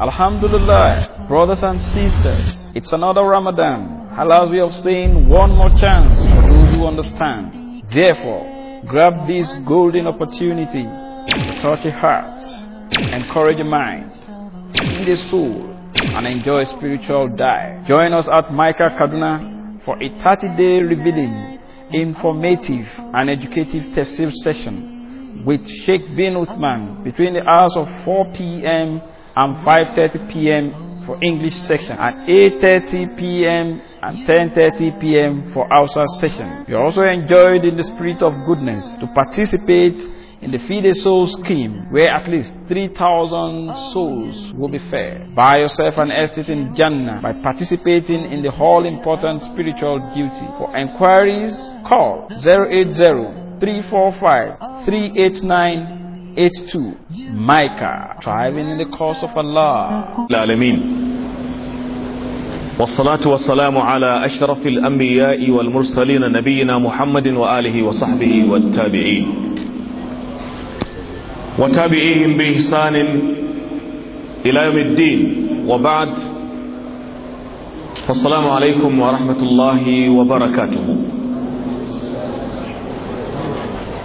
Alhamdulillah, brothers and sisters, it's another Ramadan. Allah's we have seen one more chance for those who understand. Therefore, grab this golden opportunity to touch your hearts, encourage your mind, feed a soul, and enjoy a spiritual diet. Join us at Micah Kaduna for a 30 day revealing, informative, and educative tafsir session with Sheikh bin Uthman between the hours of 4 p.m and 5:30 p.m. for English section, and 8:30 p.m. and 10:30 p.m. for Hausa session. You are also enjoyed in the spirit of goodness to participate in the Feed a Soul scheme, where at least 3,000 souls will be fed. Buy yourself an estate in Jannah by participating in the all important spiritual duty. For inquiries, call 080 345 389 1882 Micah Thriving in the cause of Allah العالمين والصلاة والسلام على أشرف الأنبياء والمرسلين نبينا محمد وآله وصحبه والتابعين وتابعيهم بإحسان إلى يوم الدين وبعد فالسلام عليكم ورحمة الله وبركاته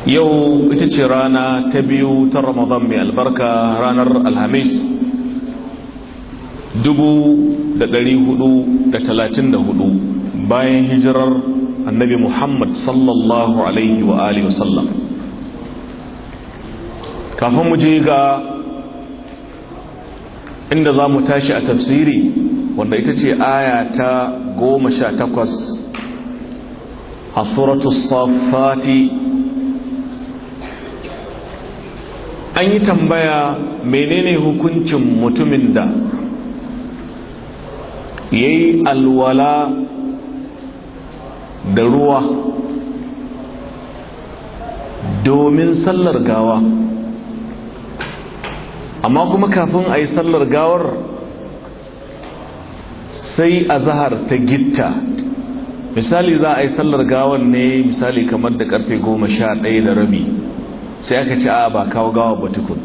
yau ita ce rana ta biyu ta ramadan mai albarka ranar alhamis 434 bayan hijirar annabi muhammad sallallahu alaihi wa alihi wasallam kafin mu je ga inda za mu tashi a tafsiri wanda ita ce aya ta goma sha takwas a suratul safati an yi tambaya menene hukuncin mutumin da ya yi alwala da ruwa domin sallar gawa amma kuma kafin a yi sallar gawar sai a zahar ta gitta misali za a yi sallar gawar ne misali kamar da karfe goma sha ɗaya da rabi sai aka ce a ba kawo gawa ba tukun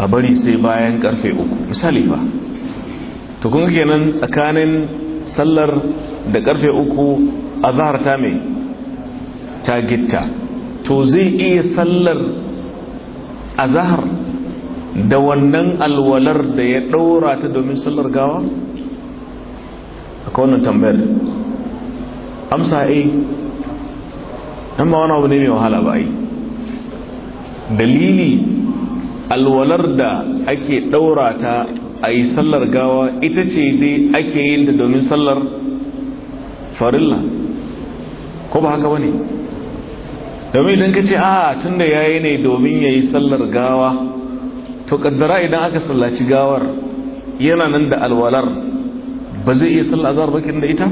a bari sai bayan karfe uku misali ba, to kun nan tsakanin sallar da karfe uku a zahar ta mai ta gitta to zai iya sallar a zahar da wannan alwalar da ya ɗaura ta domin sallar gawa? a wannan tambayar amsa a eh. yi ɗan ba wani abu ne mai wahala ba a eh. yi dalili alwalar da ake ɗaura ta a yi sallar gawa ita ce dai ake yin da domin sallar farilla ko ba haka wani domin idan ka ce a tun da yayi ne domin ya yi sallar gawa to kaddara idan aka sallaci gawar yana nan da alwalar ba zai iya sallar azar bakin da ita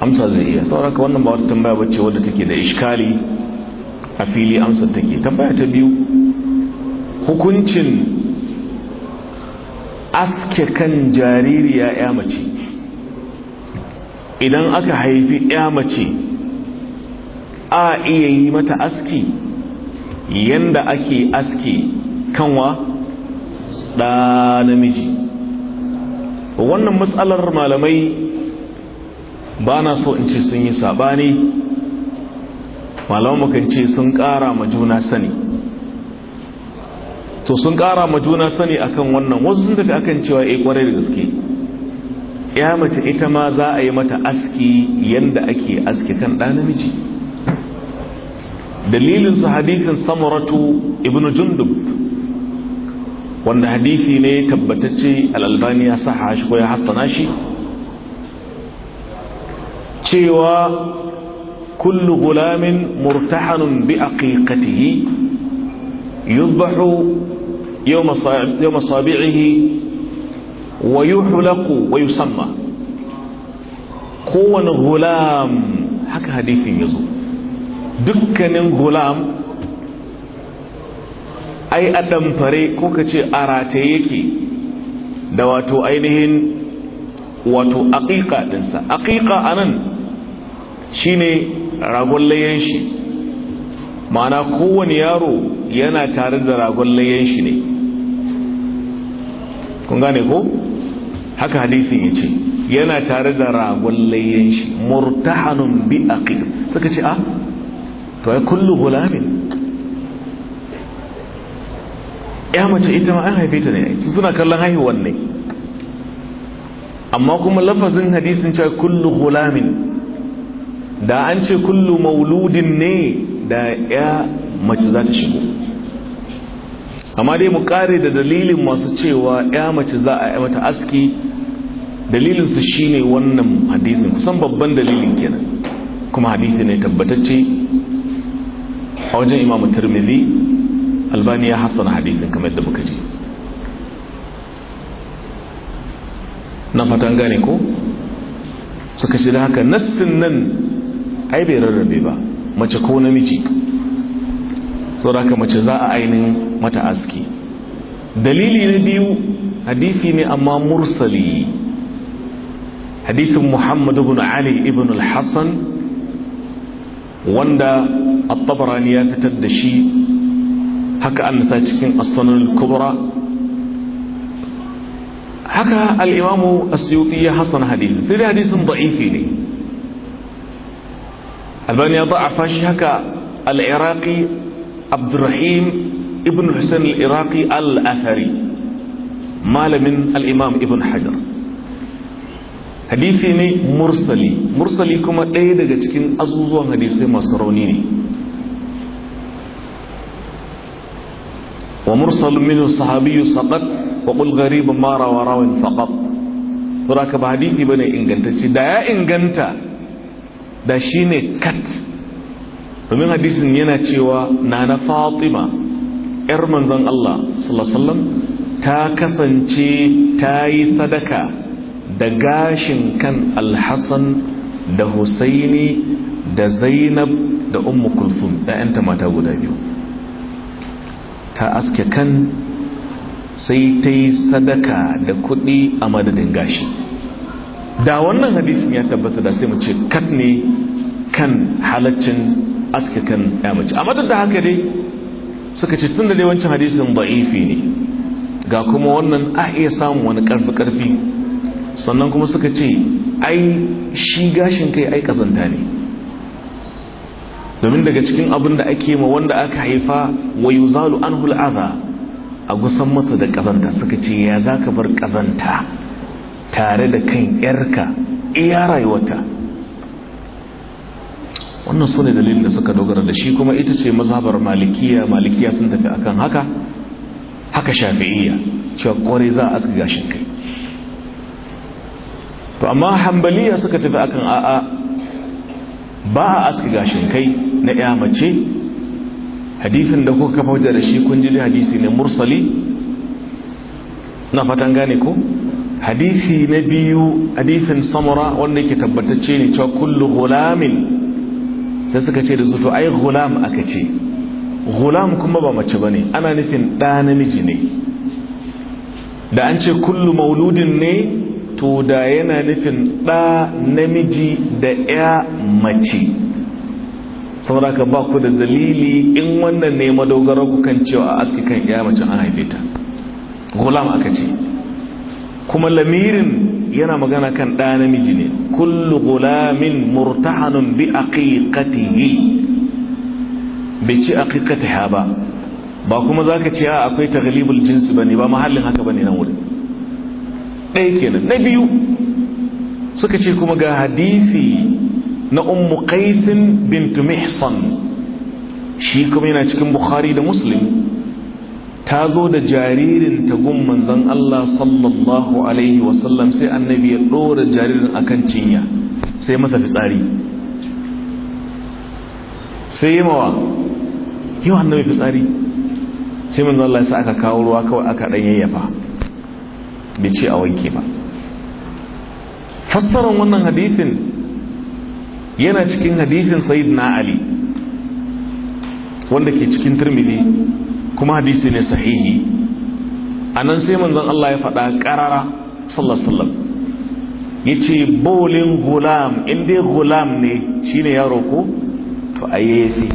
amsa zai iya sauraka wannan ba wata tambaya bace wadda take da ishkali a fili amsar take tambaya ta biyu hukuncin aske kan jaririya ya mace idan aka haifi ya mace a iya yi mata aski yanda ake aski kanwa da namiji wannan matsalar malamai ba na so in ce sun yi sabani malaman mukan sun ƙara ma juna sani to sun ƙara ma juna sani akan wannan wasu daga tafi akan cewa eh kwarai da gaske ya mace ita ma za a yi mata aski yanda ake aski kan ɗa namiji dalilin su hadisin samaratu ibnu jundub wanda hadisi ne tabbatacce al'albani ya saha shi ko ya hassana shi cewa كل غلام مرتحن بأقيقته يذبح يوم صابعه ويحلق ويسمى kowane gulam haka hadithin ya dukkanin hulam ai a ɗamfare ko ce a rataye yake da wato ainihin wato aƙiƙa ɗinsa aƙiƙa a nan ragon layan shi ma'ana kowane yaro yana tare da ragon layan shi ne kun gane ko haka hadisin ya ce yana tare da ragon layan shi murtahanun bi kai, suka ce ah to ai kullu hulamin ya mace ita ma an haife ta ne suna kallon haihuwan ne amma kuma lafazin hadisin cewa kullu hulamin da an ce kullu mauludin ne da ya mace za ta shigo amma dai mu kare da dalilin masu cewa ya mace za a yi mata aski dalilinsu shine wannan hadisin kusan babban dalilin kenan kuma hadisi ne tabbatacce a wajen imamu tirmidhi albani ya hassana hadisin kamar yadda muka ji na fatan gane ko suka shi da haka nassin nan ai bai rarrabe ba mace ko namiji sauraka mace za a ainihin mata aski dalili na biyu hadisi ne amma mursali hadisin muhammad bin ali ibn al-hassan wanda at-tabarani ya fitar da shi haka an nasa cikin as kubra haka al-imamu as ya hasan Hadithi sai hadisin ba'ifi ne albani ya da'afa shi haka al-iraqi abdurrahim ibn hussein al-iraqi al-athari malamin al-imam ibn hajar hadisi ne mursali mursali kuma ɗaya daga cikin azuzuwan hadisai masu rauni ne ومرسل منه صحابي سقط وقل غريب ما روى راو فقط فراك بحديث بني انغنتا دا يا inganta. da shi ne kat domin hadisin yana cewa na na fatima 'yar manzon Allah sallallahu ta kasance ta yi sadaka da gashin kan alhassan da husaini da zainab da ummu kulfum ɗayanta mata guda biyu ta aske kan sai ta yi sadaka da kuɗi a madadin gashi da wannan hadisin ya tabbata da sai mu ce kat ne kan halaccin aska kan ya mace amma duk da haka dai suka ce tun da dai wancan hadisin da'ifi ne ga kuma wannan a iya samun wani karfi karfi sannan kuma suka ce ai shi gashin kai ai kazanta ne domin daga cikin abin da ake ma wanda aka haifa wa yuzalu anhu al'adha a gusan masa da kazanta suka ce ya zaka bar kazanta tare da kan yarka iya rayuwarta wannan su ne dalilin da suka dogara da shi kuma ita ce mazhabar malikiya malikiya sun tafi akan haka haka shafi'iyya cewa kwarai za a aska gashin kai to amma hambaliya suka tafi akan a'a ba a aska gashin kai na ya mace hadisin da kuka kafa da shi kun ji hadisi ne mursali na fatan gane ko hadisi na biyu hadisin samura wanda yake tabbatacce ne cewa kullu gulamin sai suka ce da su to ai gulam aka ce gulam kuma ba mace bane ana nufin ɗa namiji ne da an ce kullu mauludin ne to da yana nufin ɗa namiji da ya mace saboda ka ba ku da dalili in wannan ne ku kan cewa a aski kan ya mace an haife ta gulam aka ce kuma lamirin yana magana kan ɗa namiji ne kullu gulamin murtahanun bi aqiqatihi bai ci aqiqatiha ba ba kuma ka ce a akwai taghlibul jinsi ne ba mahallin haka ne nan wuri ɗaya kenan na biyu suka ce kuma ga hadisi na ummu qaisin Bintu mihsan shi kuma yana cikin bukhari da muslim ta zo da jaririn gun manzan Allah sallallahu alaihi wasallam sai annabi ya ɗora jaririn akan cinya sai masa fitsari sai yi mawa yi wa annabi fitsari sai manzan Allah sai aka kawo ruwa kawai aka ɗan yayyafa bai ce a wanke ba fassarar wannan hadithin yana cikin hadithin sayyidina ali wanda ke cikin turmili kuma hadisi ne sahihi a nan sai manzon Allah ya faɗa ƙarara sallasallam ya ce bolin gulam inda gulam ne shi ne yaro ko to a fi,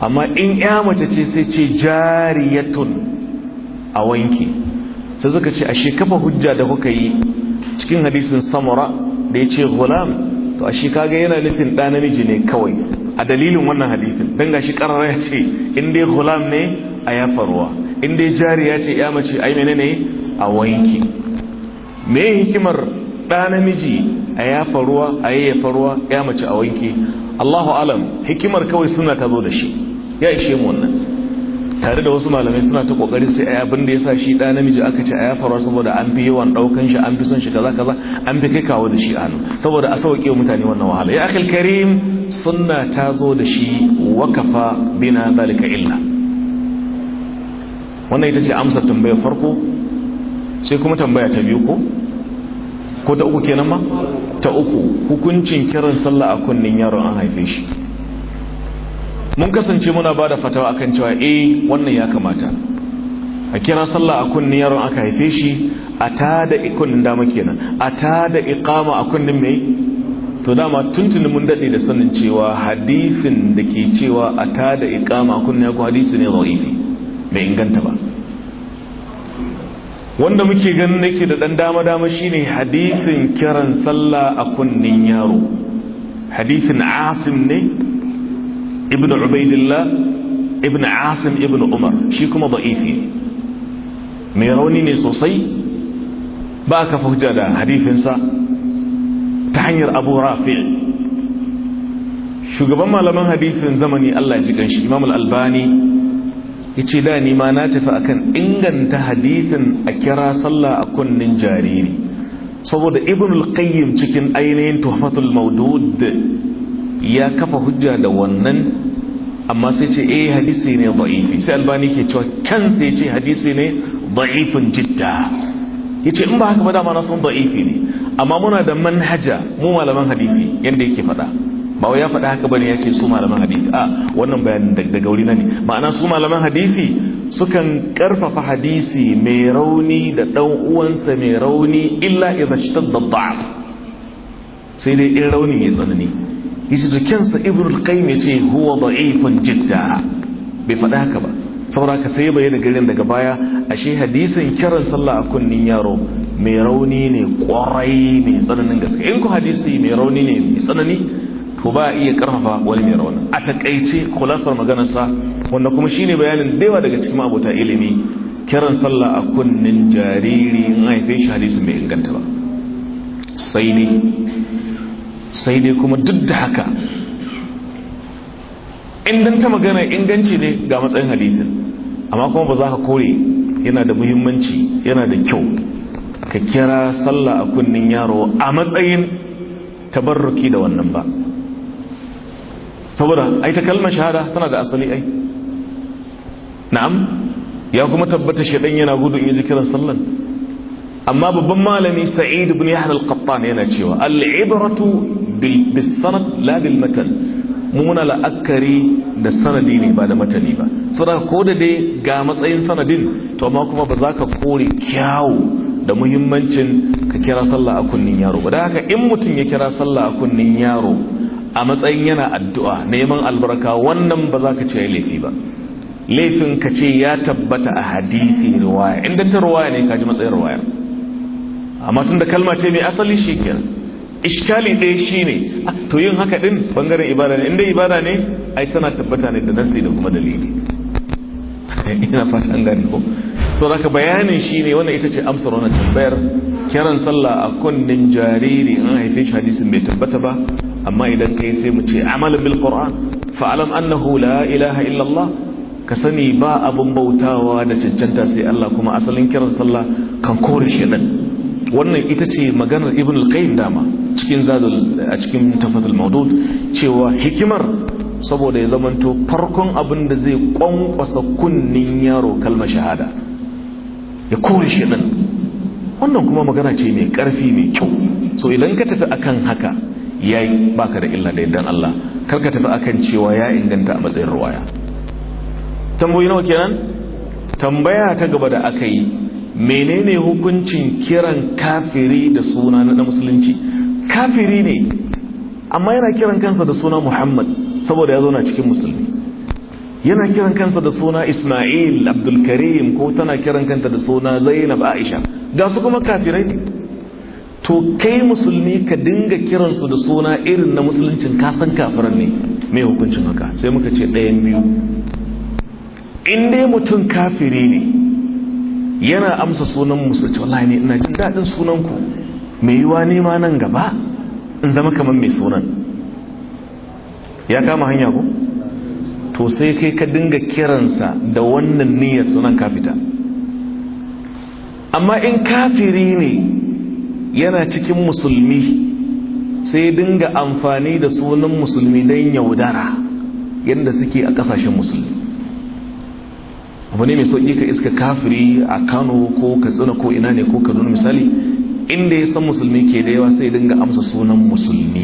amma in ya mace ce sai ce jari jariyatun a wanki sai suka ce a kafa hujja da kuka yi cikin hadisin samura da ya ce gulam to ashe kaga yana nufin ɗa namiji ne kawai a dalilin wannan hadithin don gashi karara ya ce in dai gulam ne a faruwa inda in dai ya ce ya mace a mene ne a wanki me hikimar ɗa namiji a ya faruwa, a yi ya faruwa, ya mace a wanki Allahu alam hikimar kawai suna ta zo da shi ya ishe mu wannan tare da wasu malamai suna ta kokari sai ai abin da yasa shi da namiji aka ce ai faruwa saboda an fi yawan daukan shi an fi son shi kaza kaza an fi kai kawo da shi nan, saboda a sauke mutane wannan wahala ya akhil karim sunna ta zo da shi wakafa bina zalika illa wannan ita ce amsa tambayar farko sai kuma tambaya ta biyu ko ko ta uku kenan ma ta uku hukuncin kiran sallah a kunnin yaron an haife shi mun kasance muna ba da fatawa akan cewa eh wannan ya kamata a kira sallah a kunni yaron aka haife shi a ta da kunnin dama kenan a ta da iqama a kunnin mai to dama tuntuni mun dade da sanin cewa hadisin da ke cewa a ta da iqama a kunnin yaron hadisi ne da'ifi bai inganta ba wanda muke ganin nake da dan dama dama shine hadisin kiran sallah a kunnin yaro hadisin asim ne ibn ubaidillah ibn asim ibn umar shi kuma baifi mai rauni ne sosai ba ka hujja da hadifinsa ta hanyar abu shugaban malaman hadifin zamani allah ji ganshi imam al-albani ya ce da ma na tafi akan inganta hadisin a kira sallah a kunnin jariri saboda ibn al-qayyim cikin ainihin tuhfatul Maududi. ya kafa hujja da wannan amma sai ce eh hadisi ne da'ifi sai albani ke cewa kan sai ce hadisi ne da'ifin jidda ce in ba haka ba dama sun san da'ifi ne amma muna da manhaja mu malaman hadisi yadda yake faɗa ba wai ya faɗa haka bane ya ce su malaman hadisi a wannan bayanin daga wuri na ne ma'ana su malaman hadisi sukan karfafa hadisi mai rauni da ɗan uwansa mai rauni illa idza shtadda da'af sai dai in rauni mai tsanani yace da kansa ibn al-qayyim yace huwa da'ifun jidda bai faɗa haka ba saboda ka sai bayyana garin daga baya ashe hadisin kiran sallah a kunnin yaro mai rauni ne kwarai mai tsananin gaske in ku hadisi mai rauni ne mai tsanani to ba iya karfafa wani mai rauni a takaice kulasar sa wanda kuma shine bayanin da yawa daga cikin abota ilimi kiran sallah a kunnin jariri in haife shi hadisi mai inganta ba sai ne sai dai kuma duk da haka in ta magana inganci ne ga matsayin hadisin amma kuma ba za ka kore yana da muhimmanci yana da kyau ka kira sallah a kunnin yaro a matsayin tabarruki da wannan ba saboda ai ta kalmar shahada tana da asali ai na'am ya kuma tabbata shedan yana gudu in yi jikiran sallan amma babban malami sa'id ibn al-qattan yana cewa al-ibratu bil sanad la bil matan muna la'akari da sanadi ne ba da matani ba saboda ko da dai ga matsayin sanadin to amma kuma ba za ka kore kyawu da muhimmancin ka kira sallah a kunnin yaro ba da haka in mutum ya kira sallah a kunnin yaro a matsayin yana addu'a neman albarka wannan ba za ka ce laifi ba laifin ka ce ya tabbata a hadisi riwaya inda ta riwaya ne ka ji matsayin riwaya amma tun da kalma ce mai asali shi ke iskali ɗaya shi ne ah, to yin haka ɗin bangaren ibada ne inda ibada ne ai tana tabbata ne da nasli da kuma dalili ina fatan gani ko so zaka bayanin shi ne wannan ita ce amsar wannan tambayar kiran sallah a kunnen jariri an haife shi hadisin bai tabbata ba amma idan kai sai mu ce amalan bil qur'an fa'alam annahu la ilaha illallah ka sani ba abun bautawa da cancanta sai Allah kuma asalin kiran sallah kan kore shi nan wannan ita ce maganar ibn al-qayyim dama cikin zadul a cikin tafatul mawdud cewa hikimar saboda ya zamanto farkon abin da zai kwankwasa kunnin yaro kalmar shahada ya kore shi din wannan kuma magana ce mai karfi mai kyau so idan ka tafi akan haka yayi baka da illa da yardan Allah kar ka tafi akan cewa ya inganta a matsayin ruwaya tambayoyi nawa kenan tambaya ta gaba da aka yi menene hukuncin kiran kafiri da suna na musulunci kafiri ne amma yana kiran kansa da suna muhammad saboda ya zauna cikin musulmi yana kiran kansa da suna ismail abdulkarim ko tana kiran kanta da suna zainab aisha ga su kuma kafirai to kai musulmi ka dinga kiransu da suna irin na musuluncin kasan kafiran ne mai hukuncin haka sai muka ce ɗayan biyu in mutum kafiri ne yana amsa sunan musu ce wallahi ne ina jin daɗin sunanku mai yiwa ne ma nan gaba in zama kamar mai sunan ya kama hanya ko? to sai kai ka dinga kiransa da wannan niyyar sunan ka fita amma in kafiri ne yana cikin musulmi sai dinga amfani da sunan musulmi don yaudara yadda suke a kasashen musulmi abu ne mai sauƙi ka iska kafiri a kano ko katsina ko ina ne ko kaduna misali inda ya san musulmi ke da yawa sai dinga amsa sunan musulmi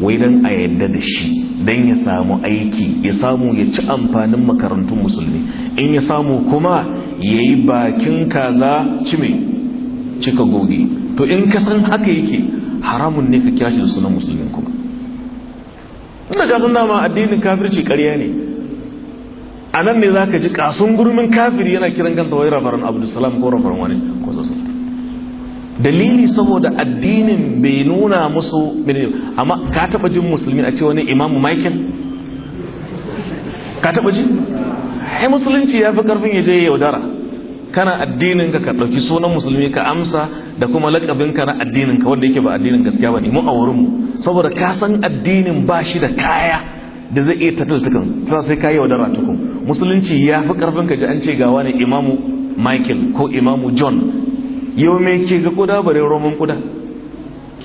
wai don a yadda da shi don ya samu aiki ya samu ya ci amfanin makarantun musulmi in ya samu kuma ya yi bakin kaza cime cika goge to in ka san haka yake haramun ne ka kira shi da sunan musulmin kuma ina ga sun dama addinin kafirci karya ne a nan ne za ka ji kasun gurmin kafiri yana kiran kansa wai rabaran abdulsalam ko rabaran wani ko sosai dalili saboda addinin bai nuna musu amma ka taba jin musulmi a ce wani imamu michael ka taba ji ai musulunci ya fi karfin ya je yaudara kana addinin ka ka ɗauki sunan musulmi ka amsa da kuma lakabin ka na addinin ka wanda yake ba addinin gaskiya ba ne mu a wurin mu saboda ka san addinin ba shi da kaya da zai iya tattalta tukun sa sai ka yi dara tukun musulunci ya fi karfin ka ji an ce gawa ne imamu michael ko imamu john yau mai ke ga kuda bare roman kuda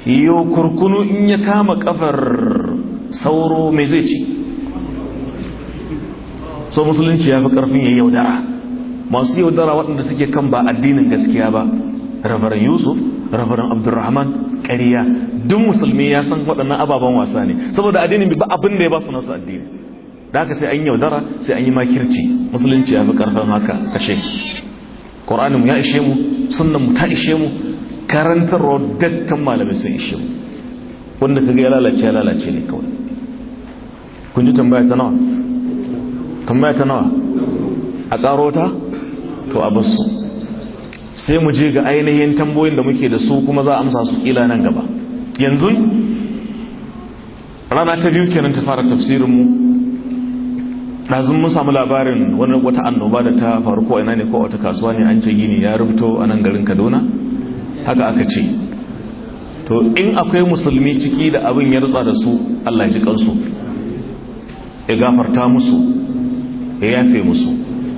yau kurkunu in ya kama kafar sauro mai zai ci so musulunci ya fi karfin ya yaudara masu yaudara waɗanda suke kan ba addinin gaskiya ba rabaran yusuf rabaran abdurrahman ƙarya duk musulmi ya san waɗannan ababen wasa ne saboda addinin ba abin da ya ba su nasu addini da haka sai an yaudara sai an yi makirci musulunci ya fi ƙarfin haka kashe ƙoranin ya ishe mu sunan mu ta ishe mu karantarwa dakkan malamai sun ishe mu wanda ga ya lalace ya lalace ne kawai kun ji tambaya ta nawa tambaya ta nawa a ƙaro ta to a basu sai mu je ga ainihin tambayoyin da muke da su kuma za a amsa su kila nan gaba yanzu rana ta biyu kenan ta fara tafsirin mu ɗazun mun samu labarin wani wata annoba da ta faru ko ina ne ko wata kasuwa ne an ce gini ya rubuto a nan garin kaduna haka aka ce to in akwai musulmi ciki da abin ya rutsa da su allah ji kansu ya gafarta musu ya yafe musu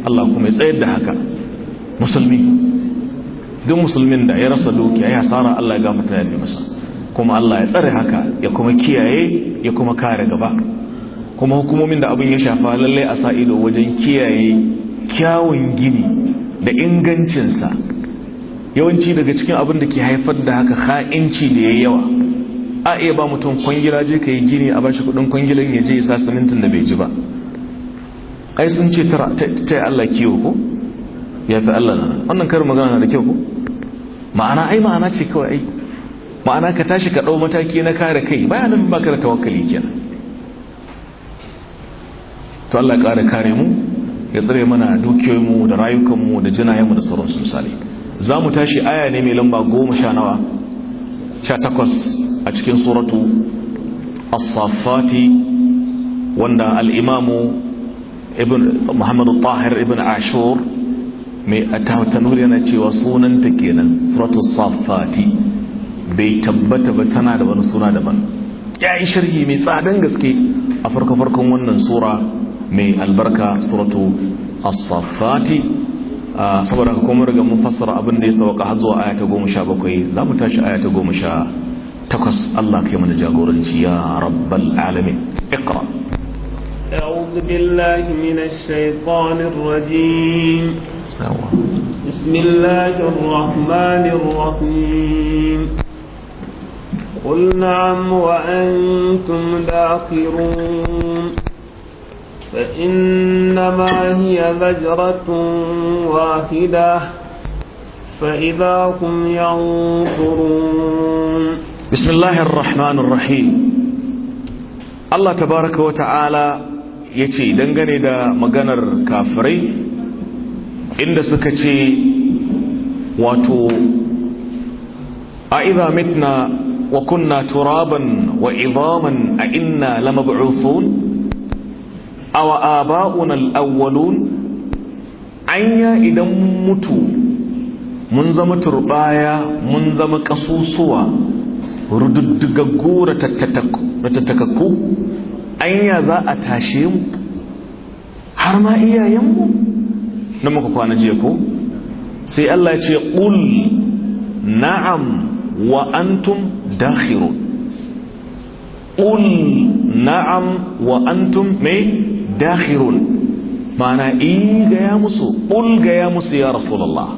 allah kuma ya tsayar da haka musulmi duk musulmin da ya rasa dukiya ya hasara, Allah ya gafarta ya masa kuma Allah ya tsare haka ya kuma kiyaye ya kuma kare gaba kuma hukumomin da abin ya shafa lallai a sa ido wajen kiyaye kyawun gini da ingancinsa yawanci daga cikin abin da ke haifar da haka ha'inci da yayi yawa a iya ba mutum kwangila je ka gini a bashi kudin kwangilan ya je sa simintin da bai ji ba ai sun ce ta Allah kiwo ko ya fi Allah na wannan karin magana na da kyau ko ma'ana ai ma'ana ce kawai ma'ana ka tashi ka ɗau mataki na kare kai baya nan baka da tawakkali kenan to Allah ƙara kare mu ya tsare mana mu da rayukan mu da jinayen mu da sauransu misali za mu tashi aya ne mai lamba goma sha nawa sha takwas a cikin suratu as wanda al-imamu ibn muhammad tahir ibn ashur mai atatanur yana cewa sunanta kenan suratul safati bai tabbata ba tana da wani suna daban ya yi sharhi mai tsadan gaske a farko farkon wannan sura mai albarka suratu as-safati saboda ka kuma riga mun fassara abin da ya sauka har zuwa aya ta bakwai, za mu tashi aya ta takwas. Allah kai mana jagoranci ya rabbal alamin iqra أعوذ بالله من الشيطان الرجيم بسم الله الرحمن الرحيم قل نعم وأنتم داخرون فإنما هي زجرة واحدة فإذا هم ينظرون بسم الله الرحمن الرحيم Allah tabaraka wa ta'ala ya ce dangane da maganar kafirai inda suka ce wato a iza mitna wa kunna turaban wa a inna lamab'uthun awa aba'una awwalun anya idan mutu mun zama turbaya mun zama kasusuwa rududdugaggu da tattakakku anya za a tashe mu har ma iyayenmu na muka kwana jiya ko sai Allah ya ce qul na'am wa antum dakhirun qul na'am wa antum me dakhirun mana in eh, ga ya musu qul ga ya musu ya rasulullah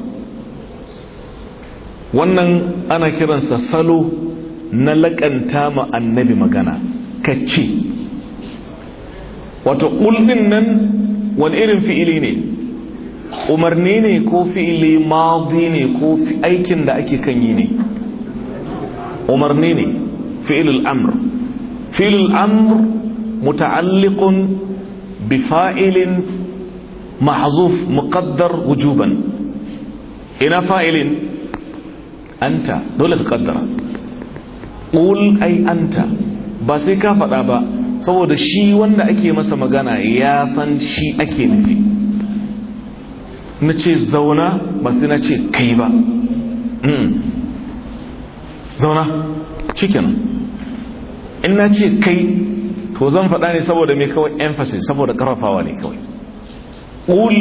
wannan ana kiransa salo na lakanta ma annabi magana kace wato qul din nan wani irin fi'ili ne umarni ne ko fi'ili mazi ne ko aikin da ake kan yi ne umarni ne fi'ilul amr fi'ilul amr muta'alliqun bi fa'ilin mahzuf muqaddar wujuban ina fa'ilin anta dole ka kaddara qul ai anta ba sai ka faɗa ba saboda shi wanda ake masa magana ya san shi ake nufi na ce zauna ba sai na ce kai ba hmm. zauna cikin in na ce kai to zan faɗa ne saboda mai kawai emphasis saboda ƙarfafawa ne kawai ƙul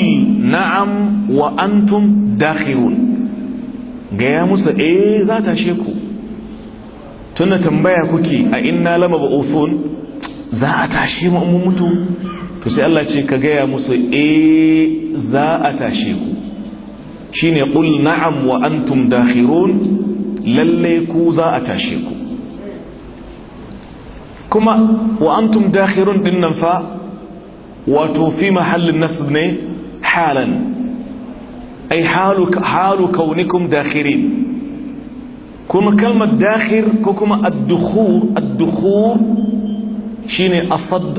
na'am wa antum dakhirun gaya musu eh za ta sheku tunda tambaya kuke a inna lama baufun za a tashe mu mun mutu to sai Allah ce ka gaya musu e za a tashe ku shine qul na'am wa antum dakhirun lalle ku za a tashe ku kuma wa antum dakhirun din nan fa wato fi mahallin nasb ne halan ay halu halu kaunikum dakhirin kuma kalmar dakhir ko kuma ad-dukhur shine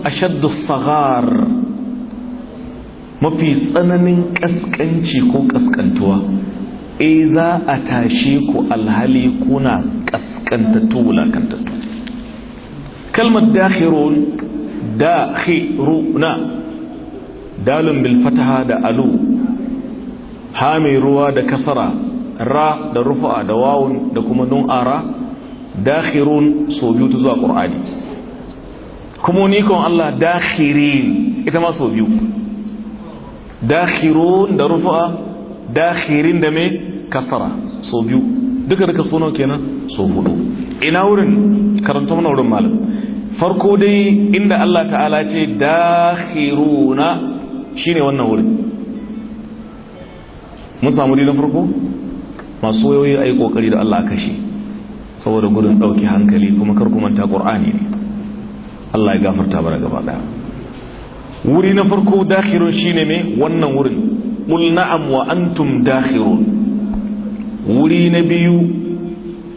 ashaddu saghar mafi tsananin kaskanci ko kaskantuwa e za a tashe ku alhali kuna kaskantattu wulakantattu kalmar dakhirun dakhiruna dalun bil fataha da alu ha mai ruwa da kasara ra da rufa da wawun da kuma nun ara dakhirun so biyu ta zuwa qur'ani kuma ni kon Allah dakhirin ita ma so biyu dakhirun da rufa dakhirin da me kasara so biyu duka duka sunan kenan so hudu ina wurin karanta mana wurin malam farko dai inda Allah ta'ala ce dakhiruna shine wannan wurin mun samu dai na farko masu wayoyi ayi kokari da Allah kashe saboda gudun dauki hankali kuma karkumanta manta qur'ani ne Allah ya gafarta mana gaba daya wuri na farko dakhirun shine me wannan wurin qul na'am wa antum dakhirun wuri na biyu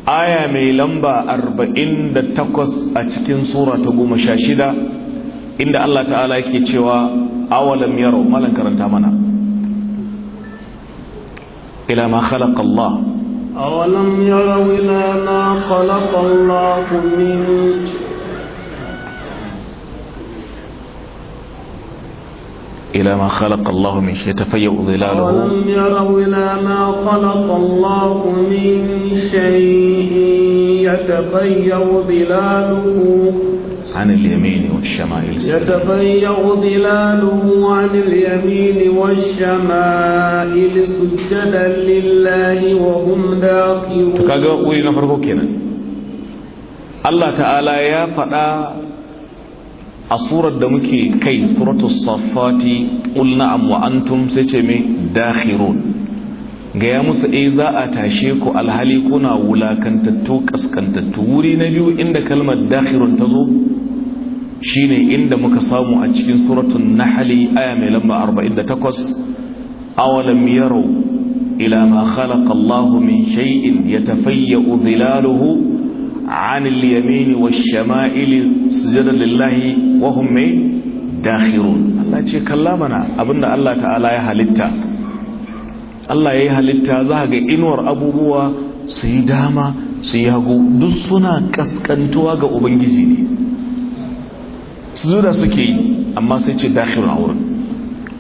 aya mai lamba 48 a cikin sura ta 16 inda Allah ta'ala yake cewa awalam yaro malan karanta mana ila ma khalaqa Allah awalam yaro ila ma khalaqa Allah min إلى ما خلق الله من شيء يتفيأ ظلاله ولم يروا إلى ما خلق الله من شيء يتفيأ ظلاله عن اليمين والشمائل يتفيأ ظلاله عن اليمين والشمائل سجدا لله وهم داخلون تكاغا قولي نفرقو كنا الله تعالى يا فدا a surar da muke kai suratu safati qul na'am wa antum sai ce me dakhirun gaya musu eh za a tashe ku alhali kuna wulakantattu kaskantattu wuri na biyu inda kalmar dakhirun ta zo shine inda muka samu a cikin suratul nahli aya mai lamba 48 awalam yaro ila ma khalaqa Allahu min shay'in yatafayyu dhilaluhu عن اليمين والشمائل سجدا لله وهم داخرون الله ce kalla mana abinda Allah ta'ala ya halitta Allah ya yi halitta za ga inuwar abubuwa su yi dama su yi hagu duk suna kaskantuwa ga ubangiji ne sujuda suke yi amma sai ce dakhirun a wurin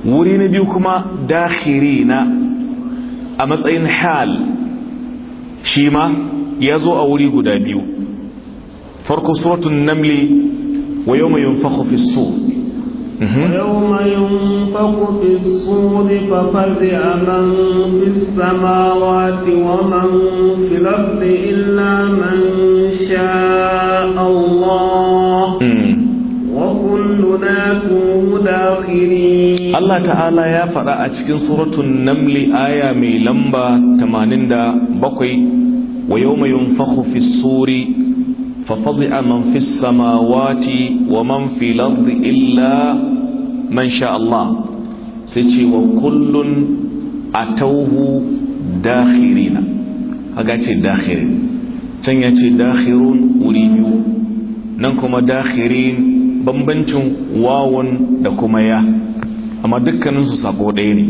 wuri na biyu kuma dakhirina a matsayin hal shi ma ya zo a wuri guda biyu فرق سورة النمل ويوم ينفخ في الصور ويوم ينفخ في الصور ففزع من في السماوات ومن في الأرض إلا من شاء الله وكلنا فيه داخلين الله تعالى يا فرأة في سورة النمل آية ميلمبا بقي ويوم ينفخ في الصور ففزع من في السماوات ومن في الأرض إلا من شاء الله سيتي وكل أتوه داخرين هكذا داخرين can ya ce dakhirun wuri biyu nan kuma dakhirin bambancin wawan da kuma ya amma dukkaninsu sako ɗaya ne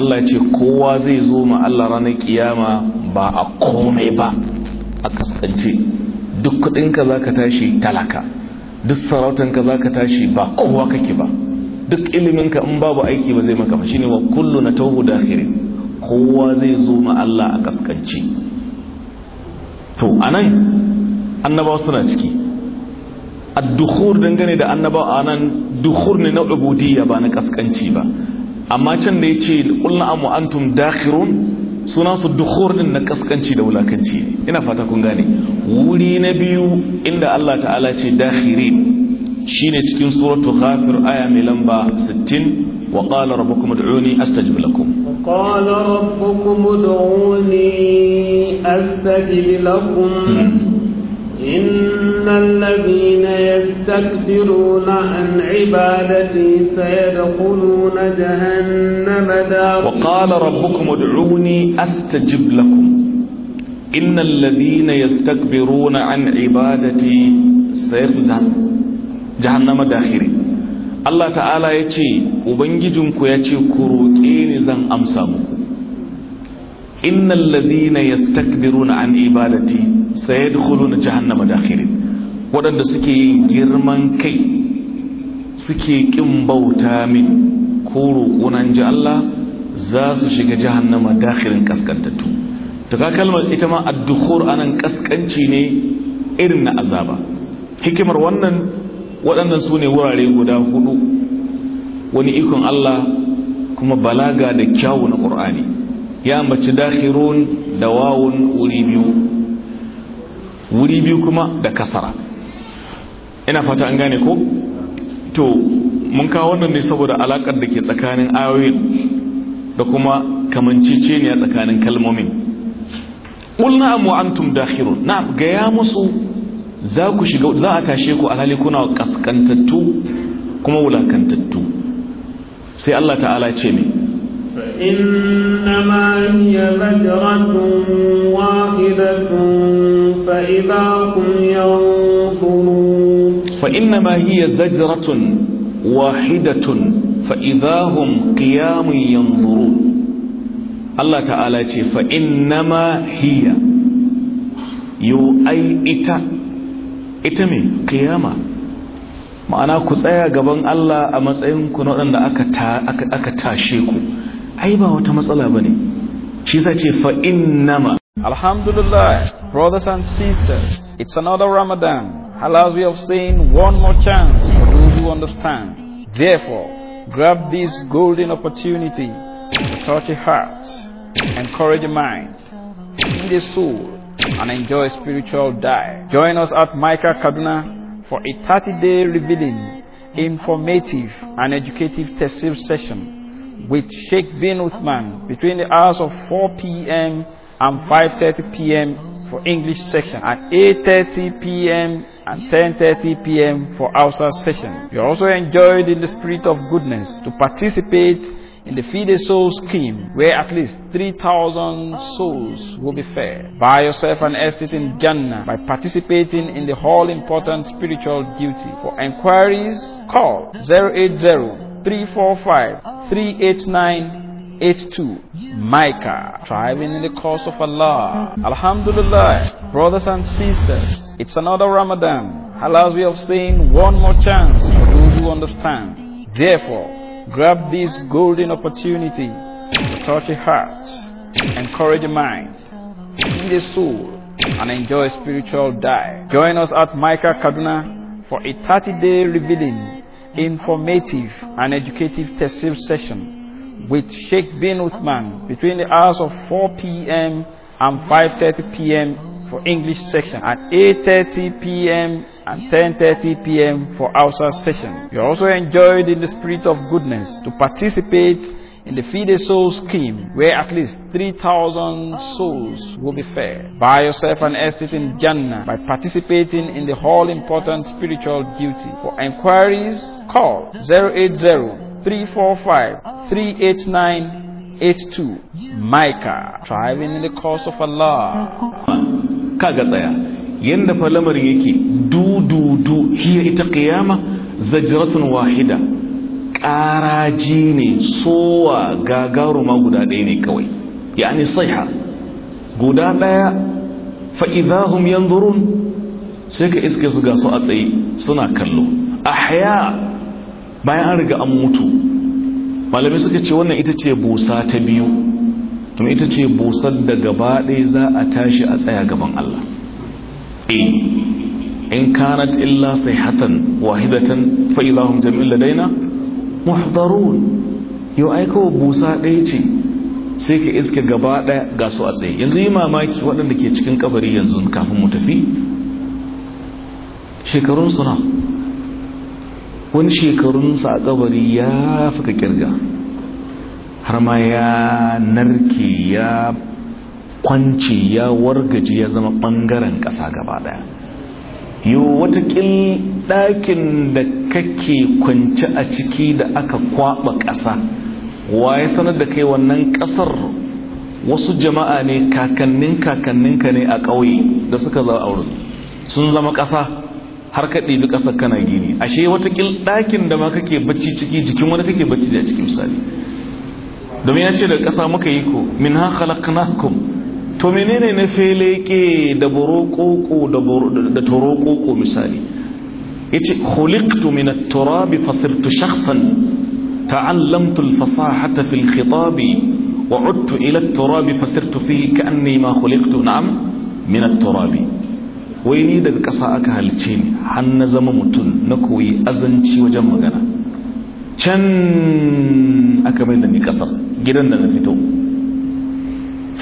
Allah ce kowa zai zo ma Allah ranar ƙiyama ba a komai ba a kasance. duk kudinka za ka tashi talaka duk sarautanka za ka tashi ba kowa kake ba duk iliminka in babu aiki ba zai maka ba shine wa kullu na tauhu dakhirin kowa zai zo ma Allah a kaskanci to anan annabawa suna ciki addukhur dangane da annabawa anan dukhur ne na ubudiyya ba na kaskanci ba amma can da yace qulna amu antum dakhirun Suna su dukhur din na kaskanci da wulakanci ina fata kun gane wuri na biyu inda Allah ta'ala ce dakhirin shine cikin suratul ghafir aya mai lamba 60 wa qala rabbukum ud'uni astajib lakum qala rabbukum ud'uni astajib lakum hmm. إن الذين يستكبرون عن عبادتي سيدخلون جهنم داخل وقال ربكم ادعوني أستجب لكم إن الذين يستكبرون عن عبادتي سيدخلون جهنم داخل Allah ta'ala ya ce Ubangijinku ya ce ku roƙe ni zan amsa muku innal ladhina yastakbiruna an ibadati na jahannama waɗanda suke yin girman kai suke ƙin bauta min ko roƙonan ji Allah za su shiga jahannama dakirin kaskantattu to ka kalmar ita ma addukhur anan kaskanci ne irin na azaba hikimar wannan waɗannan su ne wurare guda hudu wani ikon Allah kuma balaga da kyawu na ƙur'ani ya mace dakhirun da wawun wuri biyu wuri biyu kuma da kasara ina fata an gane ko to mun kawo wannan ne saboda alakar da ke tsakanin ayoyin da kuma kamanceceniya tsakanin kalmomin qul na'am an antum dakhirun na'am ga musu za ku shiga za a tashe ku alhali kuna kaskantattu kuma wulakantattu sai Allah ta'ala ce me فإنما هي بجرة واحدة فإذا هم يوم فإنما هي زجرة واحدة فإذا هم قيام ينظرون الله تعالى فإنما هي يو أي إتا إتمي قيامة ma'ana ku tsaya gaban Allah a matsayinku na waɗanda aka tashe ku ai ba wata matsala ba ne shi ce alhamdulillah brothers and sisters it's another ramadan Allah's way of saying, one more chance for those who understand. Therefore, grab this golden opportunity to touch a heart, encourage a mind, feed a soul, and enjoy a spiritual dive. Join us at Micah Kaduna for a 30 day revealing, informative, and educative session with Sheikh bin Uthman between the hours of 4 p.m. and 5.30 p.m. for English section at 8.30 p.m and 10.30 p.m. for outside session. You are also enjoyed in the spirit of goodness to participate in the Feed a Soul scheme, where at least 3,000 souls will be fed. Buy yourself an estate in Jannah by participating in the all important spiritual duty. For enquiries, call 080 345 389 82 Micah thriving in the cause of Allah Alhamdulillah brothers and sisters it's another Ramadan Allah's we have seen one more chance for those who understand therefore grab this golden opportunity to touch a heart encourage a mind feed a soul and enjoy a spiritual dive join us at Micah Kaduna for a 30 day revealing informative and educative testive session with Sheikh bin Uthman between the hours of 4 p.m. and 5:30 p.m. for English section and 8:30 p.m. and 10:30 p.m. for Hausa session. You are also enjoyed in the spirit of goodness to participate in the Feed a Soul scheme, where at least 3,000 souls will be fed. Buy yourself an estate in Jannah by participating in the all important spiritual duty. For inquiries, call 080 345 38982 Micah thriving in the course of Allah kaga tsaya yanda fa lamarin yake du du du hiya ita qiyama zajratun wahida ƙaraji ne sowa gagaruma guda ɗaya ne kawai yani saiha guda ɗaya fa idahum yanzurun sai ka iske su ga su a tsaye suna kallo ahya bayan an riga an mutu malamai suka ce wannan ita ce busa ta biyu kuma ita ce busar da gaba ɗaya za a tashi a tsaya gaban Allah e, in kanat illa sayhatan wahidatan fa idahum jami'un ladaina muhdarun yau ai busa ɗaya ce sai ka iske gaba ɗaya ga su a tsaye yanzu yi mamaki waɗanda ke cikin kabari yanzu kafin mu tafi shekarun suna wani shekarunsa a kabari ya fuka kirga har ma ya narke ya kwanci ya wargaji ya zama ɓangaren ƙasa gaba ɗaya yau watakil ɗakin da kake kwanci a ciki da aka kwaɓa ƙasa waye sanar da kai wannan ƙasar wasu jama'a ne kakannin kakanninka ne a ƙauye da suka zama a wurin sun zama ƙasa har ka ɗibi ƙasar kana gini ashe watakil ɗakin da ma kake bacci ciki jikin wani kake bacci da cikin misali domin ya ce da ƙasa muka yi ko min ha khalaqnakum to menene na feleke da borokoko da torokoko misali yace khuliqtu min at-turab fasirtu shakhsan ta'allamtu al-fasahata fil khitab wa 'udtu ila at-turab fasirtu fihi ka'anni ma khuliqtu na'am min at wai ni daga ƙasa aka halice ni har na zama mutum na koyi azanci wajen magana can aka mai da ni ƙasar gidan da na fito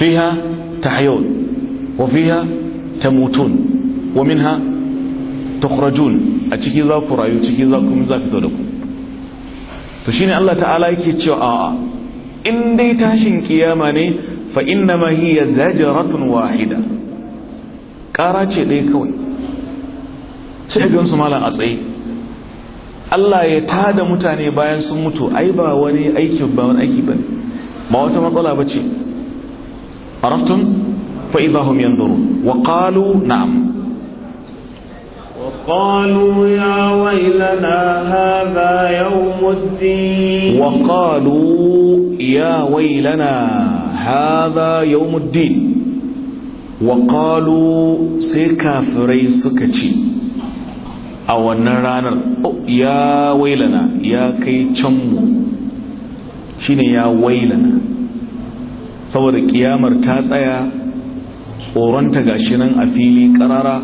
fiha ta hayon wa fiha ta mutun wa minha ta a ciki za ku rayu ciki za ku za fito da ku to shine Allah ta'ala yake cewa a'a in dai tashin kiyama ne fa innama hiya zajratun wahida kara ce ɗaya kawai sai ga su malam a tsaye Allah ya tada mutane bayan sun mutu ai ba wani aiki ba wani aiki bane ma wata matsala bace araftum fa idahum yanzurun wa qalu na'am وقالوا يا ويلنا هذا يوم الدين wa يا ya هذا يوم الدين waƙalu sai kafirai suka ce a wannan ranar oh, ya wailana ya kai can canmu shine ya wailana saboda kiyamar ta tsaya tsoronta gashi nan a fili ƙarara,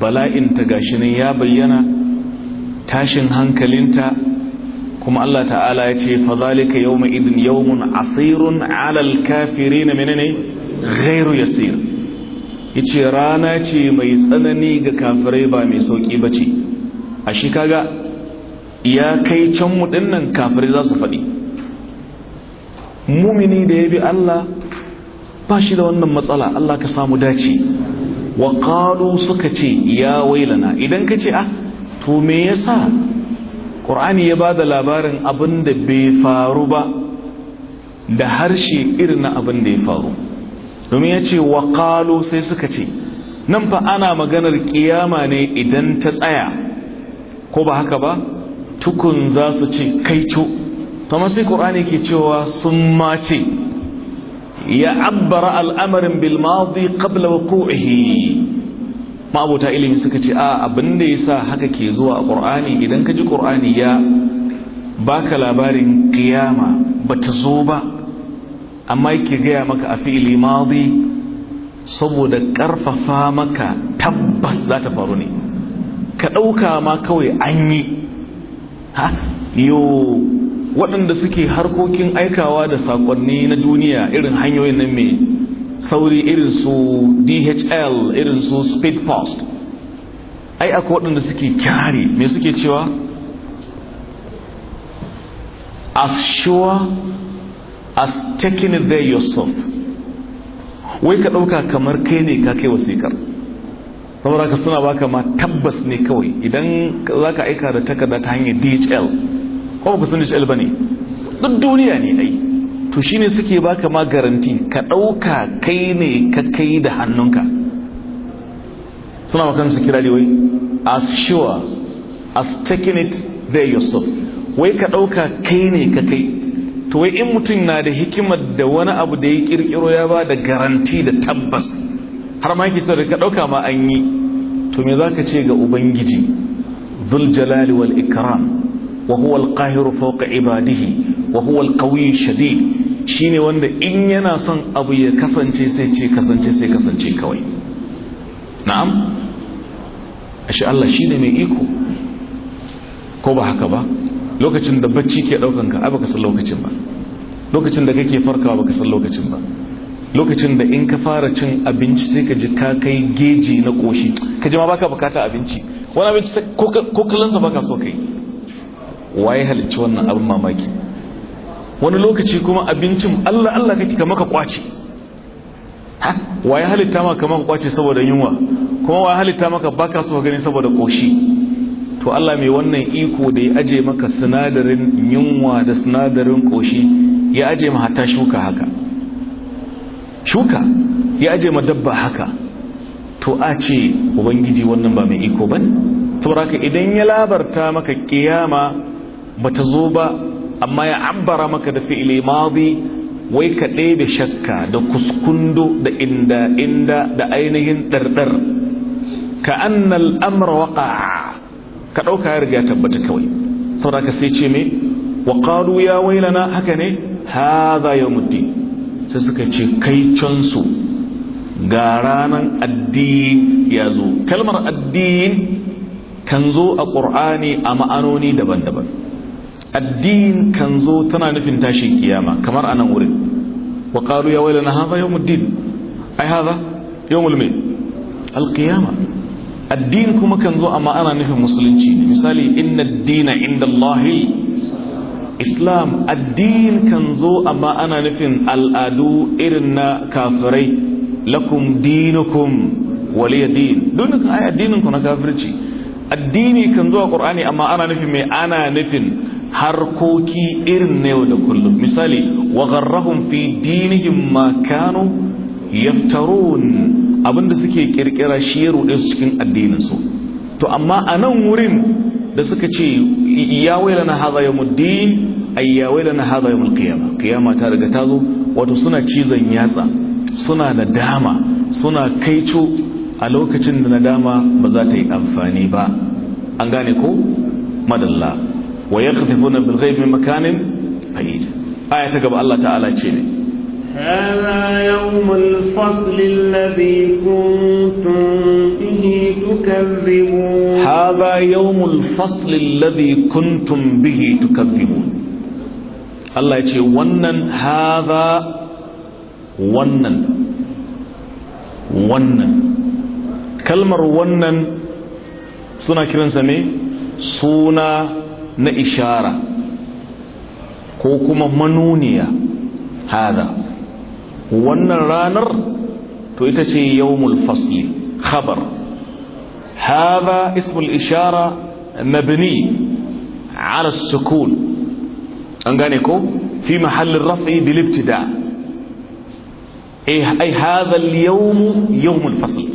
bala'inta gashi nan ya bayyana tashin hankalinta kuma Allah ta'ala ya ce fa zalika yawma idin yawmun asirun alal kafirin menene ghairu yasir yace rana ce mai tsanani ga kafirai ba mai sauki bace a shi kaga ya kai can mu dinnan kafirai za su faɗi mumini da ya bi Allah ba shi da wannan matsala Allah ka samu dace wa qalu suka ce ya wailana idan ka ce ah to me yasa ƙur'ani ya ba da labarin abin da bai faru ba da harshe irin na abin da ya faru domin ya ce wa kalo sai suka ce nan fa ana maganar ƙiyama ne idan ta tsaya ko ba haka ba tukun za su ce kaico ta sai ƙorani ke cewa sun mace ya abbara al'amarin bilmazi ƙabla wa ƙo'ihi ma'abota ilimi suka ce a abin da ya sa haka ke zuwa a ƙorani idan ka ji ƙorani ya baka labarin ƙiyama ba ta zo ba amma yake gaya maka a fili madi saboda ƙarfafa maka tabbas za ta faru ne ka ɗauka ma kawai an yi ha yo waɗanda suke harkokin aikawa da sakonni na duniya irin hanyoyin nan mai sauri irin su dhl irin su speed post ai akwai waɗanda suke kyare me suke cewa as sure as taking it there yourself wai ka ɗauka kamar kai ne ka kai wasikar saboda ka suna baka ma tabbas ne kawai idan za ka aika da takarda ta hanyar dhl ko ba ku san dhl ba ne duk duniya ne ai to shine suke baka ma garanti ka ɗauka kai ne ka kai da hannunka suna makan su kira wai as sure as taking it there yourself wai ka ɗauka kai ne ka kai to wai in mutum na da hikimar da wani abu da ya kirkiro ya ba da garanti da tabbas har ma yake da ka dauka ma an yi to me zaka ce ga ubangiji dhul jalali wal ikram wa huwa al qahir fawqa ibadihi wa huwa al qawi shadid shine wanda in yana son abu ya kasance sai ce kasance sai kasance kawai na'am ashe Allah shine mai iko ko ba haka ba lokacin da bacci ke daukan ka baka san lokacin ba lokacin da kake farkawa baka san lokacin ba lokacin da in ka fara cin abinci sai ka ji ka kai geji na koshi ka ji ma baka bukata abinci wani abinci ko kallonsa baka so kai waye halicci wannan abin mamaki wani lokaci kuma abincin Allah Allah kake ka maka kwace ha waye halitta maka kamar kwace saboda yunwa kuma waye halitta maka baka so gani saboda koshi to Allah mai wannan iko da ya aje maka sinadarin yunwa da sinadarin ƙoshi ya aje ma hatta shuka haka shuka ya aje ma dabba haka to a ce ubangiji wannan ba mai iko bane saboda idan ya labarta maka kiyama bata zo ba amma ya ambara maka da fi'ili madi wai ka ɗebe shakka da kuskundo da inda inda da ainihin ɗarɗar ka annal amra waqa ka ɗauka ya riga tabbata kawai saboda ka sai ce me wa qalu ya wailana haka ne hadha yawmuddin sai suka ce kai cansu ga ranan addin ya zo kalmar addin kan zo a qur'ani a ma'anoni daban-daban addin kan zo tana nufin tashin kiyama kamar anan wurin wa qalu ya wailana hadha yawmuddin ai hadha yawmul mai alqiyama addini kuma kan zo amma ana nufin musulunci ne misali inna addina inda Allahil islam addini kan zo amma ana nufin al'adu irin na kafirai lakum dinukum waliya din dunukan ai addininku na kafirci addini kan zo a ƙur'ani amma ana nufin mai ana nufin harkoki irin na yau da kullum misali wa gharrahum fi dinihim ma kanu yaftarun abinda suke kirkira shi ya ruɗe su cikin addininsu to amma a nan wurin da suka ce ya wailana ya yawmuddin ay ya wailana hadha yawmul qiyamah kiyama ta riga ta zo wato suna cizon yatsa suna nadama suna kaico a lokacin da nadama ba za ta yi amfani ba an gane ko madalla wa yaqtifuna bil ghaibi makanin a aya ta gaba Allah ta'ala ce ne هذا يوم الفصل الذي كنتم به تكذبون هذا يوم الفصل الذي كنتم به تكذبون الله يجي ونن هذا ونن ونن kalmar wannan suna kiransa ne suna na ishara ko kuma manuniya hada wannan ranar to ita ce yawmul fasli khabar hadha ismul ishara mabni ala sukun an gane ko fi mahallin raf'i bil ibtida eh, ai hadha al yawm yawmul fasl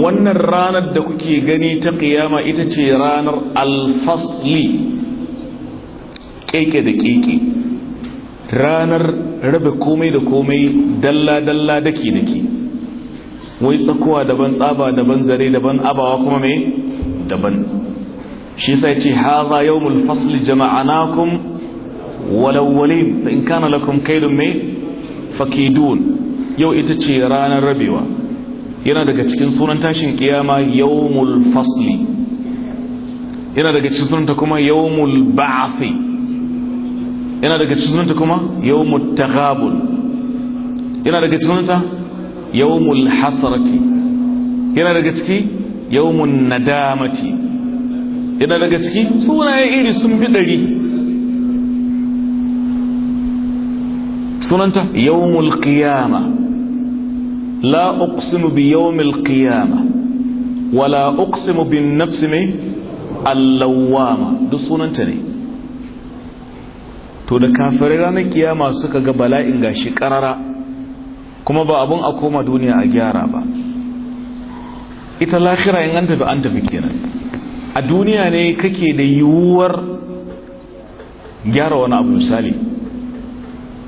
wannan ranar da kuke gani ta kiyama ita ce ranar al-fasli keke da keke ranar rabe komai da komai dalla-dalla daki-daki wai tsakowa daban tsaba daban zare daban abawa kuma mai daban shi sai ce haza yawmul fasli jama'anakum walawwalin in kana lakum kaidun mai fakidun yau ita ce ranar rabewa yana daga cikin sunan tashin kiyama yawmul fasli yana daga cikin sunanta kuma yawmul ba'thi yana daga cikinta kuma yawmut taghabul yana daga cikinta yawmul hasrati yana daga ciki yawmun nadamati yana daga ciki sunaye iri sun bi ɗari sunanta yawmul qiyama la uqsimu bi yawmil qiyama wala uqsimu bin nafsi mai allawama duk sunanta ne to da kafirai ranar kiyama suka ga bala'in gashi karara kuma ba abun a koma duniya a gyara ba ita lahira in an tafi an tafi kenan a duniya ne kake da yiwuwar gyara wani abu misali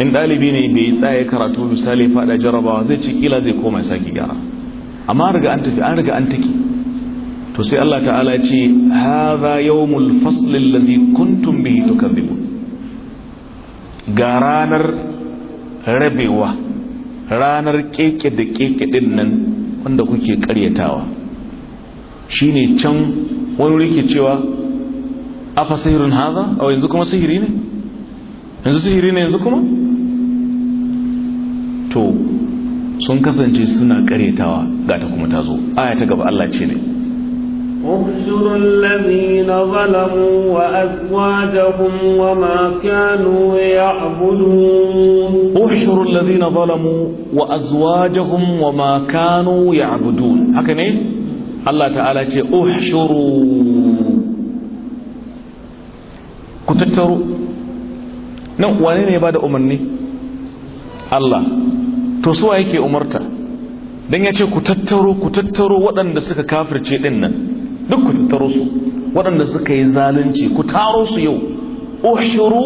in ɗalibi ne bai tsaye karatu misali fada jarabawa zai ci kila zai koma sake gyara amma riga an tafi an riga an take to sai Allah ta'ala ya ce hadha yawmul fasl alladhi kuntum bihi tukadhibun ga ranar rabewa ranar keke da keke din nan wanda kuke karyatawa shine can wani rike cewa afa sihirin haza a yanzu kuma sihiri ne yanzu sihiri ne yanzu kuma to sun kasance suna karyatawa ga ta kuma ta aya ta gaba Allah ce ne احشروا الذين ظلموا وأزواجهم وما كانوا يعبدون احشروا الذين ظلموا وأزواجهم وما كانوا يعبدون هكذا الله تعالى احشروا كتتروا nan wane ne ba da umarni Allah to suwa yake umarta don ya ce ku tattaro ku tattaro waɗanda suka kafirce ɗin nan duk ku tattaro su waɗanda suka yi zalunci ku taro su yau ushuru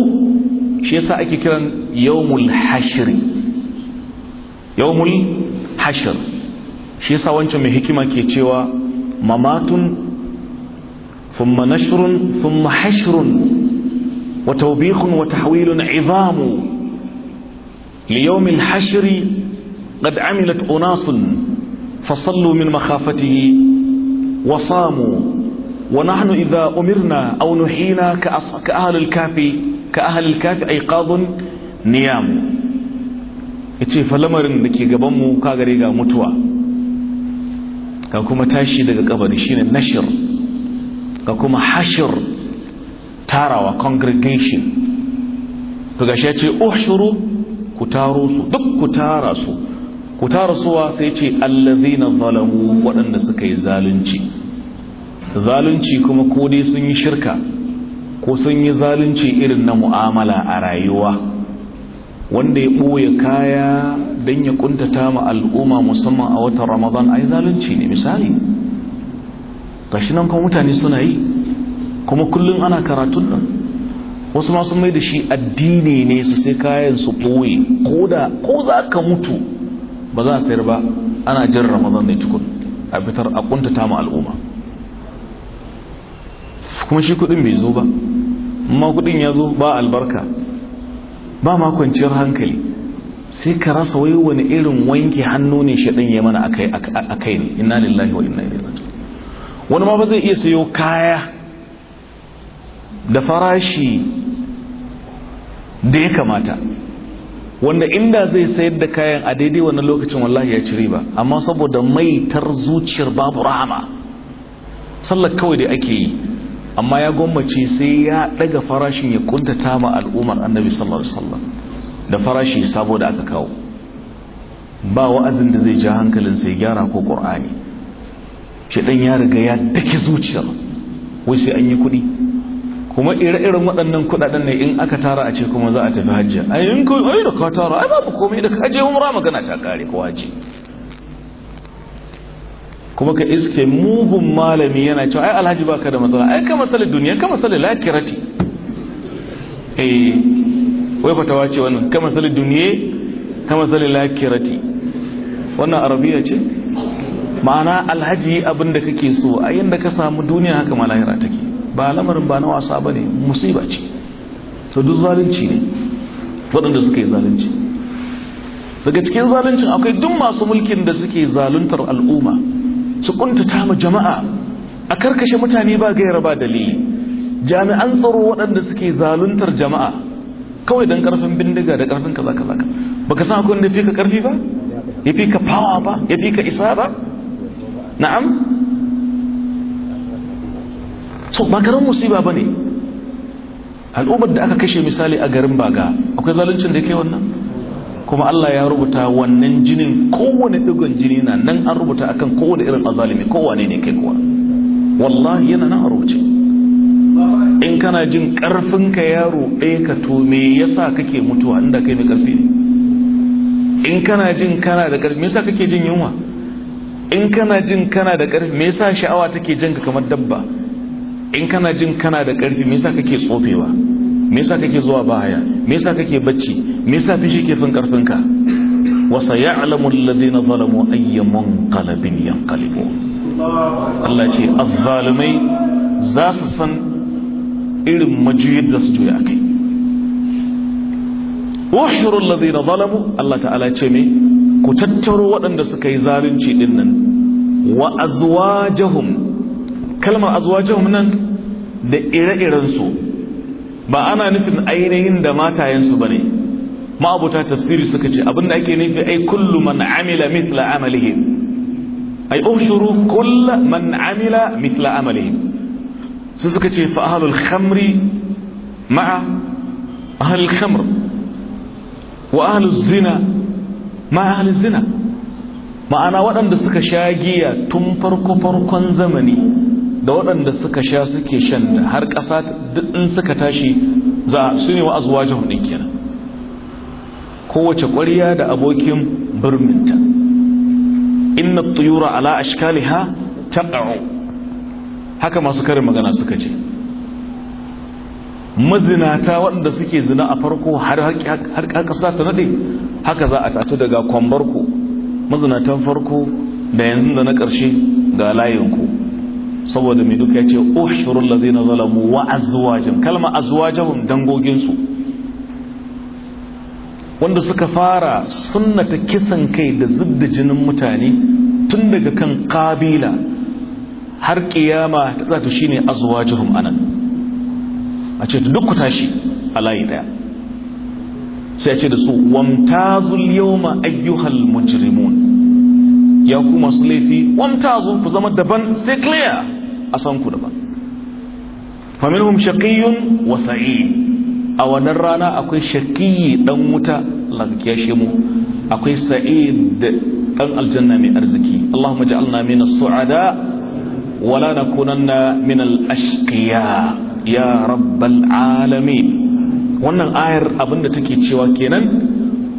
shi yasa ake kiran yawmul hashr yawmul hashr shi yasa wancan mai hikima ke cewa mamatun thumma nashrun thumma hashrun wa tawbikhun wa tahwilun izamu ليوم الحشر قد عملت أناس فصلوا من مخافته وصاموا ونحن إذا أمرنا أو نحينا كأهل الكافي كأهل الكافي أي قاض نيام إتي فلمر دكي قبمو كاغريغا متوى كاكوما تاشي دكي قبر شين النشر كاكوما حشر تارا وكونغريجيشن كاكاشي أحشر كتاروسو دك كتاراسو ku tara sai ce allazina zalamu waɗanda suka yi zalunci zalunci kuma ko dai sun yi shirka ko sun yi zalunci irin na mu'amala a rayuwa wanda ya ɓoye kaya don ya ƙuntata ma al'umma musamman a watan ramadan ai zalunci ne misali gashi nan kuma mutane suna yi kuma kullum ana karatun nan wasu masu sun mai da shi addini ne su sai kayan su ɓoye ko da ko za ka mutu ba za a sayar ba ana jin ramadan ne tukun a fitar a kuntata ma al'umma kuma shi kudin bai zo ba ma kudin ya zo ba albarka ba ma kwanciyar hankali sai ka rasa wai wani irin wanke hannu ne shi ya mana a kai ne inna lillahi wa inna ilaihi wani ma ba zai iya sayo kaya da farashi da ya kamata wanda inda zai sayar da kayan a daidai wannan lokacin wallahi ya ci riba amma saboda maitar zuciyar babu rahama sallar kawai da ake yi amma ya gwammace sai ya daga farashin ya kuntata ma al'ummar annabi sallallahu alaihi da farashi saboda aka kawo ba wa'azin da zai ja hankalin sai gyara ko qur'ani shedan ya riga ya daki zuciyar wai sai an yi kuɗi kuma ire-iren waɗannan kuɗaɗen ne in aka tara a ce kuma za a tafi hajji a yin kawai ai da ka tara ai babu komai da ka je umra magana ta kare ko hajji kuma ka iske mugun malami yana cewa ai alhaji baka da matsala ai ka masalin duniya ka masalin lakirati eh wai fatawa wace wannan ka masalin duniya ka masalin lakirati wannan arabiya ce ma'ana alhaji abinda da kake so a yadda ka samu duniya haka ma lahira take ba lamarin ba na wasa ba ne musiba ce to duk zalunci ne waɗanda suka yi zalunci daga cikin zaluncin akwai duk masu mulkin da suke zaluntar al'umma su kuntata ma jama'a a karkashe mutane ba gaira ba dalili jami'an tsaro waɗanda suke zaluntar jama'a kawai don karfin bindiga da karfin kaza kaza baka san akwai wanda fi ka karfi ba ya fi ka fawa ba ya fi ka isa ba na'am so ba karan musiba ba ne al'ummar da aka kashe misali a garin baga akwai zaluncin da yake wannan kuma Allah ya rubuta wannan jinin kowane digon jini na nan an rubuta akan kowane irin azalimi kowane ne kai kuwa wallahi yana na a rubuce in kana jin karfin ka yaro roƙe eh ka to me yasa kake mutuwa inda kai mai karfi ne in kana jin kana da karfi me yasa kake jin yunwa in kana jin kana da ƙarfi me yasa sha'awa take jan ka kamar dabba in kana jin kana da ƙarfi me yasa kake tsofewa me yasa kake zuwa baya me yasa kake bacci me yasa fishi ke fin ƙarfinka wa sayalamu alladhina zalamu ayyamun qalbin yanqalibu Allah ce azzalimai za su san irin majiyar da su juya kai ushurul ladina zalamu Allah ta'ala ce me ku tattaro waɗanda suka yi zalunci din nan wa azwajahum kalmar azwajahum nan da ire-iren su ba ana nufin ainihin da matayensu ne ma'abuta tafsiri suka ce abinda ake nufi ai kullum man amila mithla amalihi ai ushuru kullu man amila mithla amalihi su suka ce fa ahlul khamri ma'a ahlul khamr wa ahlus zina ma ahlus zina ma'ana waɗanda suka sha giya tun farko farkon zamani da waɗanda suka sha suke shanta har ƙasa in suka tashi za su ne wa azwajahum din kenan kowace ƙwarya da abokin birninta inna tuyura ala ashkaliha taqa'u haka masu karin magana suka ce mazinata waɗanda suke zina a farko har ƙasa ta naɗe haka za a tace daga kwambarku mazinatan farko da yanzu da na ƙarshe ga layinku saboda mai duka ya ce ohshirun lazai na zalamu wa azuwajen kalma azuwajen dangoginsu wanda suka fara sunnata kisan kai da zubda jinin mutane tun daga kan ƙabila har ƙiyama ta zata shine azuwajen anan a ce duk ku tashi a layi daya sai ce da su wamtazul yawma ayyuhal mujrimun ya ku masu laifi wamtazu ku zama daban stay clear a san ku daban faminhum shaqiyyun wa sa'id a wannan rana akwai shaqiyyi dan wuta lagkiyashe mu akwai sa'id dan aljanna mai arziki Allahumma ja'alna min as-su'ada wala la nakunanna min al-ashqiya ya rabbal alamin wannan ayar abinda take cewa kenan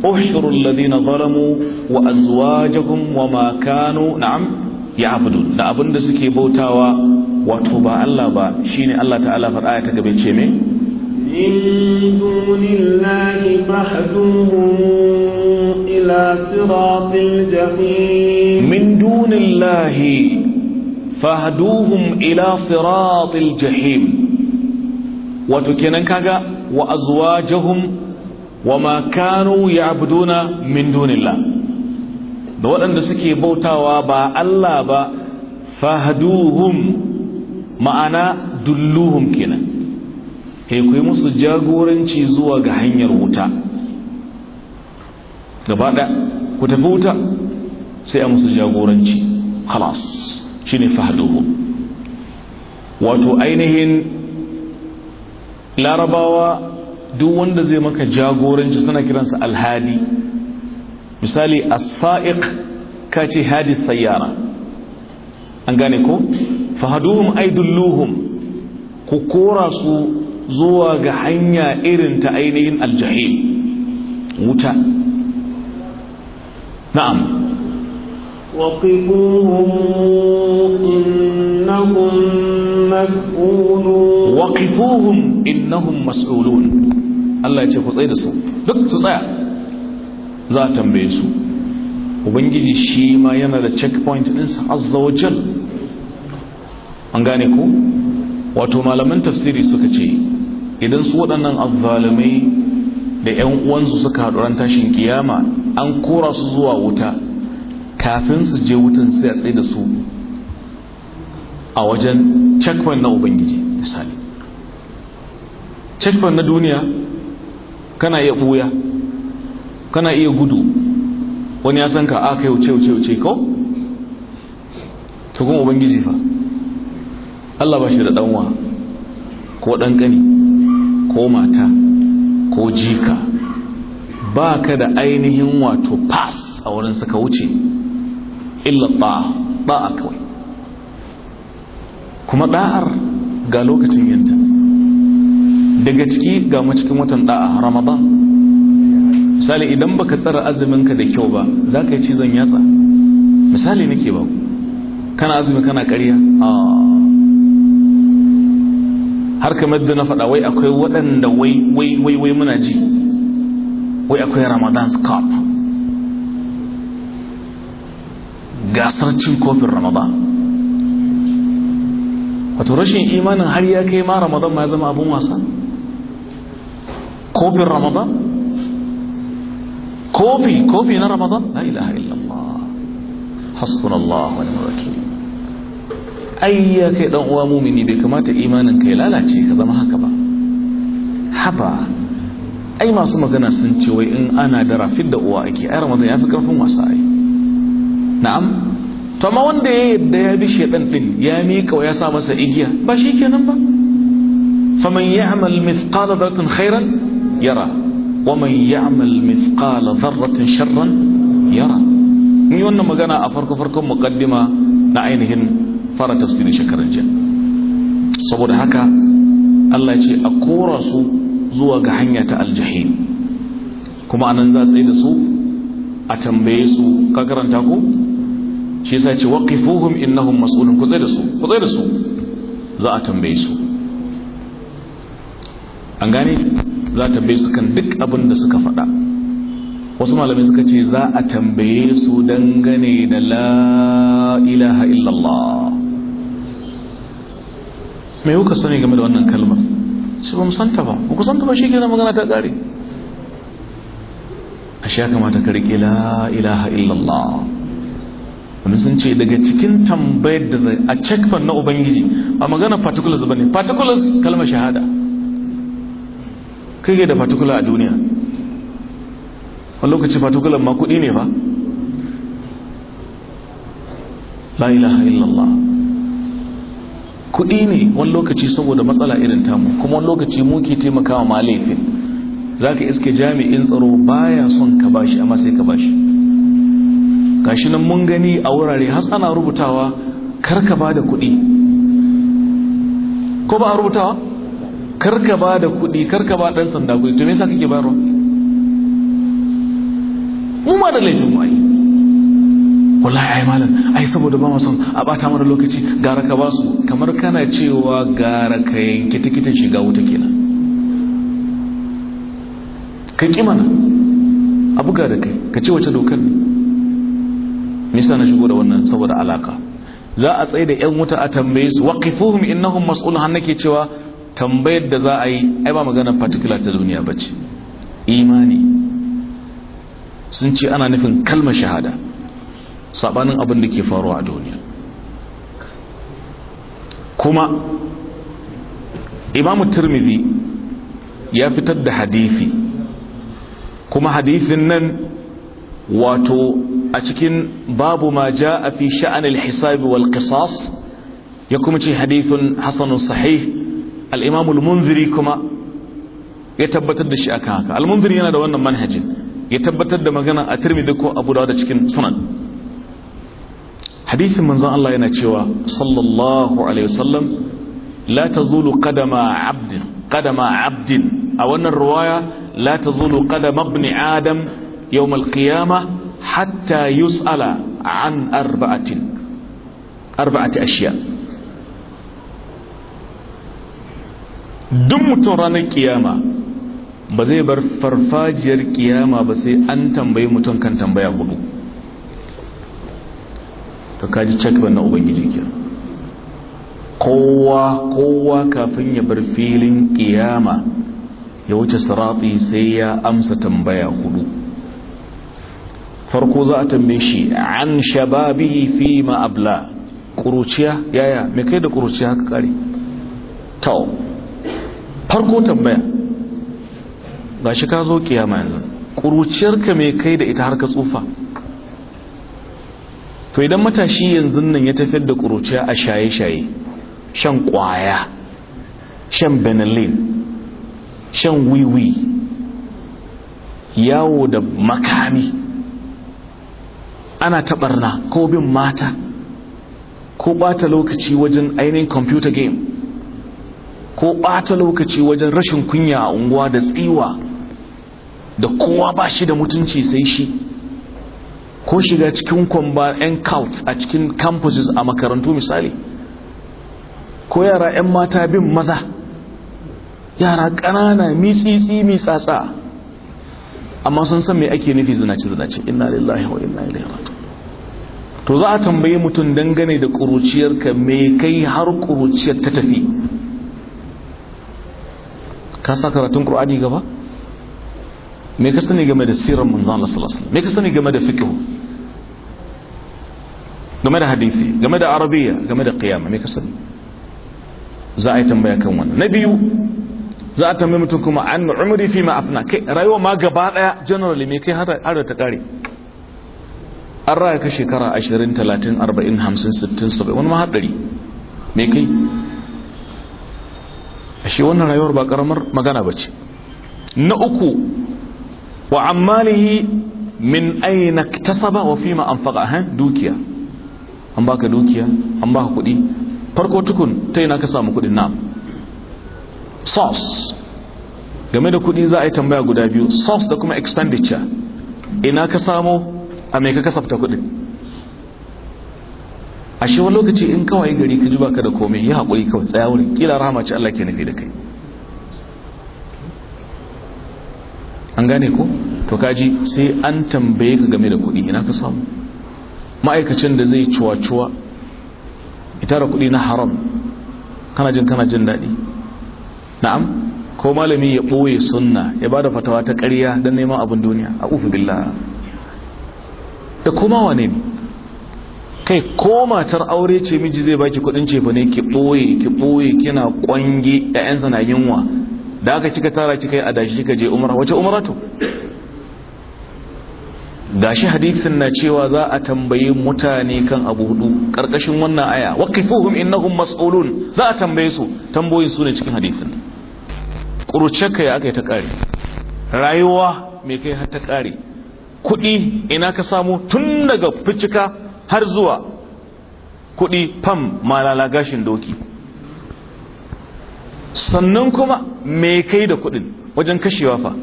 احشروا الذين ظلموا وازواجهم وما كانوا نعم يعبدون da abinda suke bautawa wato ba Allah ba shine Allah ta'ala far aya ta gabe ce me in dunillahi fahduhum ila siratil jahim min dunillahi fahduhum ila siratil jahim wato kenan kaga wa azwajahum wa ma kanu ya'buduna min dunillah da waɗanda suke bautawa ba Allah ba fahduhum ma'ana dulluhum kenan kai kuyi musu jagoranci zuwa ga hanyar wuta gaba da ku tafi wuta sai a musu jagoranci khalas shine fahduhum wato ainihin larabawa duk wanda zai maka jagoranci suna kiransa alhadi misali as ka ce hadi sayyara an gane ko fahaduhum aidulluhum ku kora su zuwa ga hanya irin ta ainihin aljahil wuta na'am waqifuhum innahum mas'ulun waqifuhum innahum mas'ulun Allah ya ce ku tsaye da su duk su tsaya za a tambaye su ubangiji shi ma yana da checkpoint sa azza wa jal an gane ku wato malaman tafsiri suka ce idan su waɗannan azzalumai da 'yan uwansu suka ran tashin kiyama an kora su zuwa wuta kafin su je wutan sai a tsaye da su a wajen checkpoint na ubangiji misali checkpoint na duniya kana iya buya kana iya gudu wani ya san ka aka ah, yau ce wuce ko to kuma ubangiji fa Allah ba shi da danwa ko ƙani ko mata ko jika ba ka da ainihin wato pass a wurin suka wuce illa ba ba a kawai kuma ɗa'ar ga lokacin yanta daga ciki ga cikin watan da'a ramadan misali idan baka tsara azumin ka da kyau ba za ka yi cizon yatsa misali nake ba kana azumi kana ƙarya har kamar da na faɗa wai akwai waɗanda wai wai wai wai muna ji wai akwai ramadan cup gasar cin kofin ramadan wato rashin imanin har ya kai ma ramadan ma ya zama abun wasa كوفي رمضان كوفي كوفي نا رمضان لا إله إلا الله حصنا الله ونعم الوكيل أي كذا هو مؤمن بك ما تإيمانا كلا لا شيء كذا ما هكبا حبا أي ما سمع كنا سنتوي إن أنا درا في الدعوة أكى أي رمضان يفكر في مساعي نعم فما وندي ده بشيء تنتين يا ميك ويا سامس إيجيا بشيء كنا فمن يعمل مثقال ذرة خيرا yara waman ya'mal mithqala dharratin sharran yara mun yi wannan magana a farko farkon muqaddima na ainihin fara tafsirin shekaran jiya saboda haka Allah ya ce a kora su zuwa ga hanya ta aljahim kuma anan za tsaye da su a tambaye su ka karanta ko shi yasa ce waqifuhum innahum mas'ulun ku tsaye da su ku tsaye da su za a tambaye su za ta bai su kan duk abin da suka faɗa wasu malamai suka ce za a tambaye su dangane da la ilaha illallah mai kuka sani game da wannan kalmar shi ba mu santa ba ba ku santa ba shi ke magana ta ƙare a ya kamata ka riƙe la ilaha illallah wani sun ce daga cikin tambayar da zai a cekfan na ubangiji a magana particulars ba ne particulars kalmar shahada kai ga da particular a duniya wani lokaci particular ma kudi ne ba la ilaha illallah kudi ne wani lokaci saboda matsala irin tamu kuma wani lokaci muke taimakawa ma laifin za ka iske jami'in tsaro baya son ka bashi amma sai ka bashi gashi nan mun gani a wurare har ana rubutawa karka ba da kudi ko ba a rubutawa karka ba da kuɗi karka ba ɗan sanda kuɗi to me yasa kake bayarwa mu ma da laifin mu ai wallahi ai malam ai saboda ba son a bata mana lokaci gara ka ba su kamar kana cewa gara ka yanki tikitin shiga wuta kenan ka ki mana a buga da kai ka ce wace dokar ne me yasa na shigo da wannan saboda alaka za a tsaye da yan wuta a tambaye su waqifuhum innahum mas'ulun har nake cewa tambayar da za a yi ai ba magana particular ta duniya ba ce imani sun ce ana nufin kalmar shahada sabanin abin da ke faruwa a duniya kuma imamu turmidi ya fitar da hadithi kuma hadithin nan wato a cikin babu ma ja a fi sha'anil hisabi wal qisas ya kuma ce hadithun hasanun sahih al-imam kuma ya tabbatar da shi akan haka al-munziri yana da wannan manhajin ya tabbatar da magana a tirmidhi ko abu da cikin sunan hadithin manzon Allah yana cewa sallallahu alaihi wasallam la tazulu qadama 'abdin 'abdin a wannan riwaya la tazulu kadama ibn adam yawm al hatta yus'ala an arba'atin arba'ati ashiya' duk mutum ranar kiyama ba zai bar farfajiyar kiyama ba sai an tambayi mutum kan tambaya hudu to kaji cakban na ubangiji ke kowa kowa kafin ya bar filin kiyama ya wuce sarafi sai ya amsa tambaya hudu farko za a tambaye shi an shababi fi ma'abla ƙuruciya yaya mai kai da ƙuruciya haka kare ta'o farko tambaya gashi ka zo kiyama yanzu ka mai kai da ita har ka tsufa to idan matashi yanzu nan ya tafiyar da ƙuruciya a shaye-shaye shan ƙwaya shan benelin shan wiwi yawo da makami ana taɓarna ko bin mata ko ɓata lokaci wajen ainihin computer game ko ɓata lokaci wajen rashin kunya a unguwa da tsiwa da kowa ba shi da mutunci sai shi ko shiga cikin kwamba 'yan kaut a cikin campuses a makarantu misali ko yara 'yan mata bin maza yara ƙanana mitsitsi mitsatsa amma sun san mai ake nufi zinace zinace inna lillahi wa inna ilaihi raji'un to za a tambaye mutum dangane da ƙuruciyarka me kai har ƙuruciyar ta tafi ka sa karatun qur'ani gaba me ka sani game da siran manzon Allah sallallahu alaihi wasallam me ka sani game da fikihu game da hadisi game da arabiya game da kiyama me ka sani za a yi tambaya kan wannan na biyu za a tambaya mutum kuma an umri fi ma kai rayuwa ma gaba daya generally me kai har ta kare an raya ka shekara 20 30 40 50 60 70 wani ma har me kai ashe wannan rayuwar ba karamar magana ba ce na uku wa ammalihi min aina iktasaba wa fima anfaqa han dukiya an baka dukiya an baka kudi farko tukun ta ina ka samu kudin na source game da kudi za a yi tambaya guda biyu source da kuma expenditure ina ka samu a mai ka kasafta kudin ashe wani lokaci in kawai gari ka ji baka da komai ya haƙuri kawai tsaya wurin kila rahama ce Allah ke nufi da kai an gane ko to kaji sai an tambaye ka game da kuɗi ina ka samu ma'aikacin da zai cuwa-cuwa ita da kuɗi na haram kana jin kana jin daɗi na'am ko malami ya ɓoye sunna ya ba da fatawa ta ƙarya don neman abin duniya a ufi billah da wane ne kai ko matar aure ce miji zai baki kudin cefa ne ki boye ki boye kina kwange ƴaƴansa na yunwa da aka kika tara kika yi dashi kika je umra wace umra to gashi hadisin na cewa za a tambayi mutane kan abu hudu karkashin wannan aya waqifuhum innahum mas'ulun za a tambaye su tamboyin su ne cikin hadisin kurce kai aka yi ta kare rayuwa me kai har ta kare kudi ina ka samu tun daga ficika har zuwa kuɗi fam malala gashin doki sannan kuma me kai da kuɗin wajen kashewa fa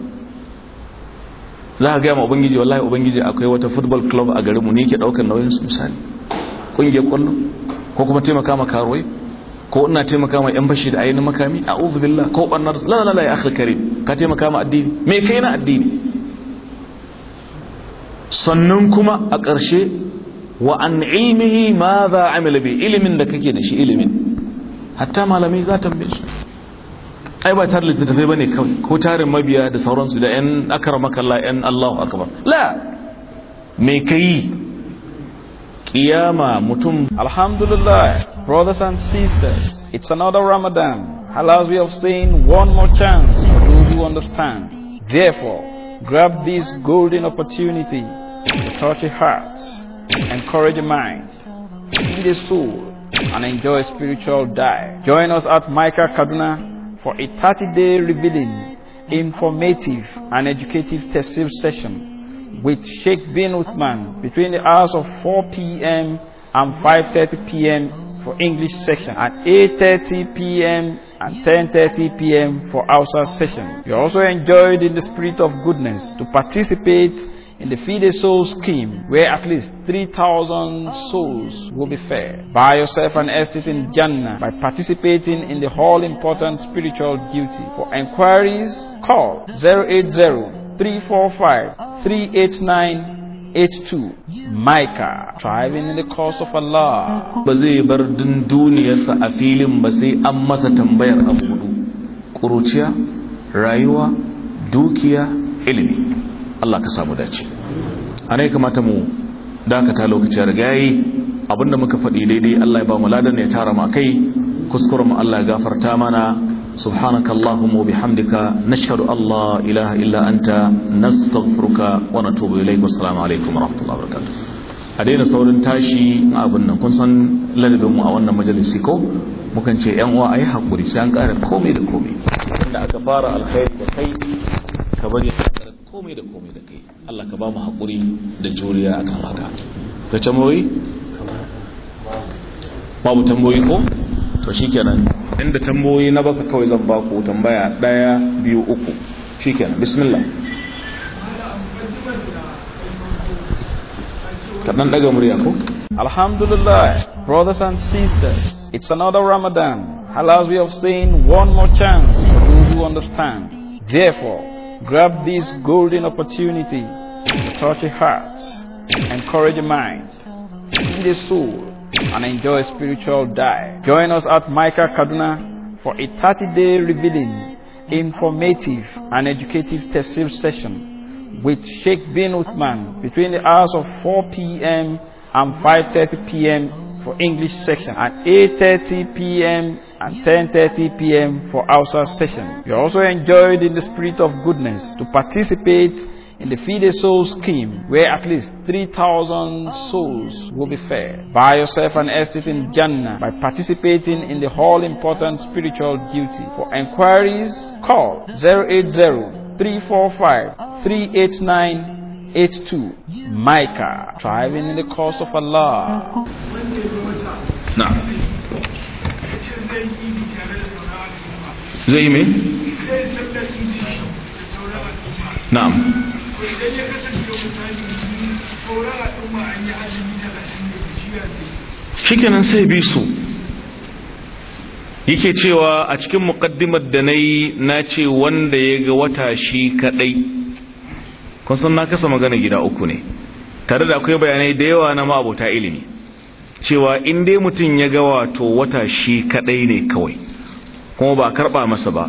za ka gaya ma ubangiji wallahi ubangiji akwai wata football club a garinmu ne ke ɗaukar nauyin su misali ƙungiyar ƙwallo ko kuma taimaka ma karuwai ko ina taimaka ma yan bashi da ainihin makami a uzubillah ko ɓannar lalala ya akhir karim ka taimaka ma addini me kai na addini sannan kuma a ƙarshe wa an ilmihi ma za a amila bi ilimin da kake da shi ilimin hatta malamai za ta mbe shi ai ba tarin littattafai ba ne kawai ko tarin mabiya da sauransu da yan akara makalla yan allahu akabar la mai ka yi kiyama mutum alhamdulillah brothers and sisters it's another ramadan allows we have seen one more chance for those who understand therefore grab this golden opportunity to touch your hearts encourage the mind, feed the soul, and enjoy spiritual diet. Join us at Micah Kaduna for a 30 day revealing, informative, and educative testing session with Sheikh bin Uthman between the hours of 4 p.m. and 5.30 p.m. for English session, and 8.30 p.m. and 10.30 p.m. for Hausa session. You are also enjoyed in the spirit of goodness to participate in the Feed a Soul scheme, where at least 3,000 souls will be fed. Buy yourself an estate in Jannah by participating in the all important spiritual duty. For inquiries, call 080 345 38982. Micah thriving in the cause of Allah Allah ka samu dace anai kamata mu dakata lokacin rigayi abinda muka faɗi daidai Allah ya ba mu ladan ya tara ma kai kuskuren mu Allah ya gafarta mana subhanakallahumma wa bihamdika nashhadu an ilaha illa anta nastaghfiruka wa natubu ilayk assalamu alaikum wa rahmatullahi wa barakatuh a daina saurin tashi abun nan kun san mu a wannan majalisi ko mukan ce yan uwa ayi hakuri sai an ƙara komai da komai inda aka fara alkhairi da kai ka bari komai da komai da kai Allah ka ba mu haƙuri da juriya haka babu ko to inda na baka kawai zan ba ku tambaya biyu uku bismillah kaɗan murya ko alhamdulillah brothers and sisters it's another ramadan alas we have seen one more chance for those who understand therefore Grab this golden opportunity to touch a heart, encourage a mind, feed a soul, and enjoy a spiritual diet. Join us at Micah Kaduna for a 30 day revealing, informative, and educative tafsir session with Sheikh bin Uthman between the hours of 4 p.m. and 5.30 p.m. for English section and 8.30 p.m and 10.30 p.m. for our session. You are also enjoyed in the spirit of goodness to participate in the Feed a Soul scheme, where at least 3,000 souls will be fed. Buy yourself an estate in Jannah by participating in the all important spiritual duty. For inquiries, call 080 345 38982. Micah, thriving in the cause of Allah. Now. zai yi mai na'am shikenan sai bi su yake cewa a cikin muƙaddimar da na yi na ce wanda ya ga wata shi kaɗai kun na kasa magana gida uku ne tare da akwai bayanai da yawa na ma'abota ilimi cewa in dai mutum ya ga wato wata shi kaɗai ne kawai kuma ba a karɓa masa ba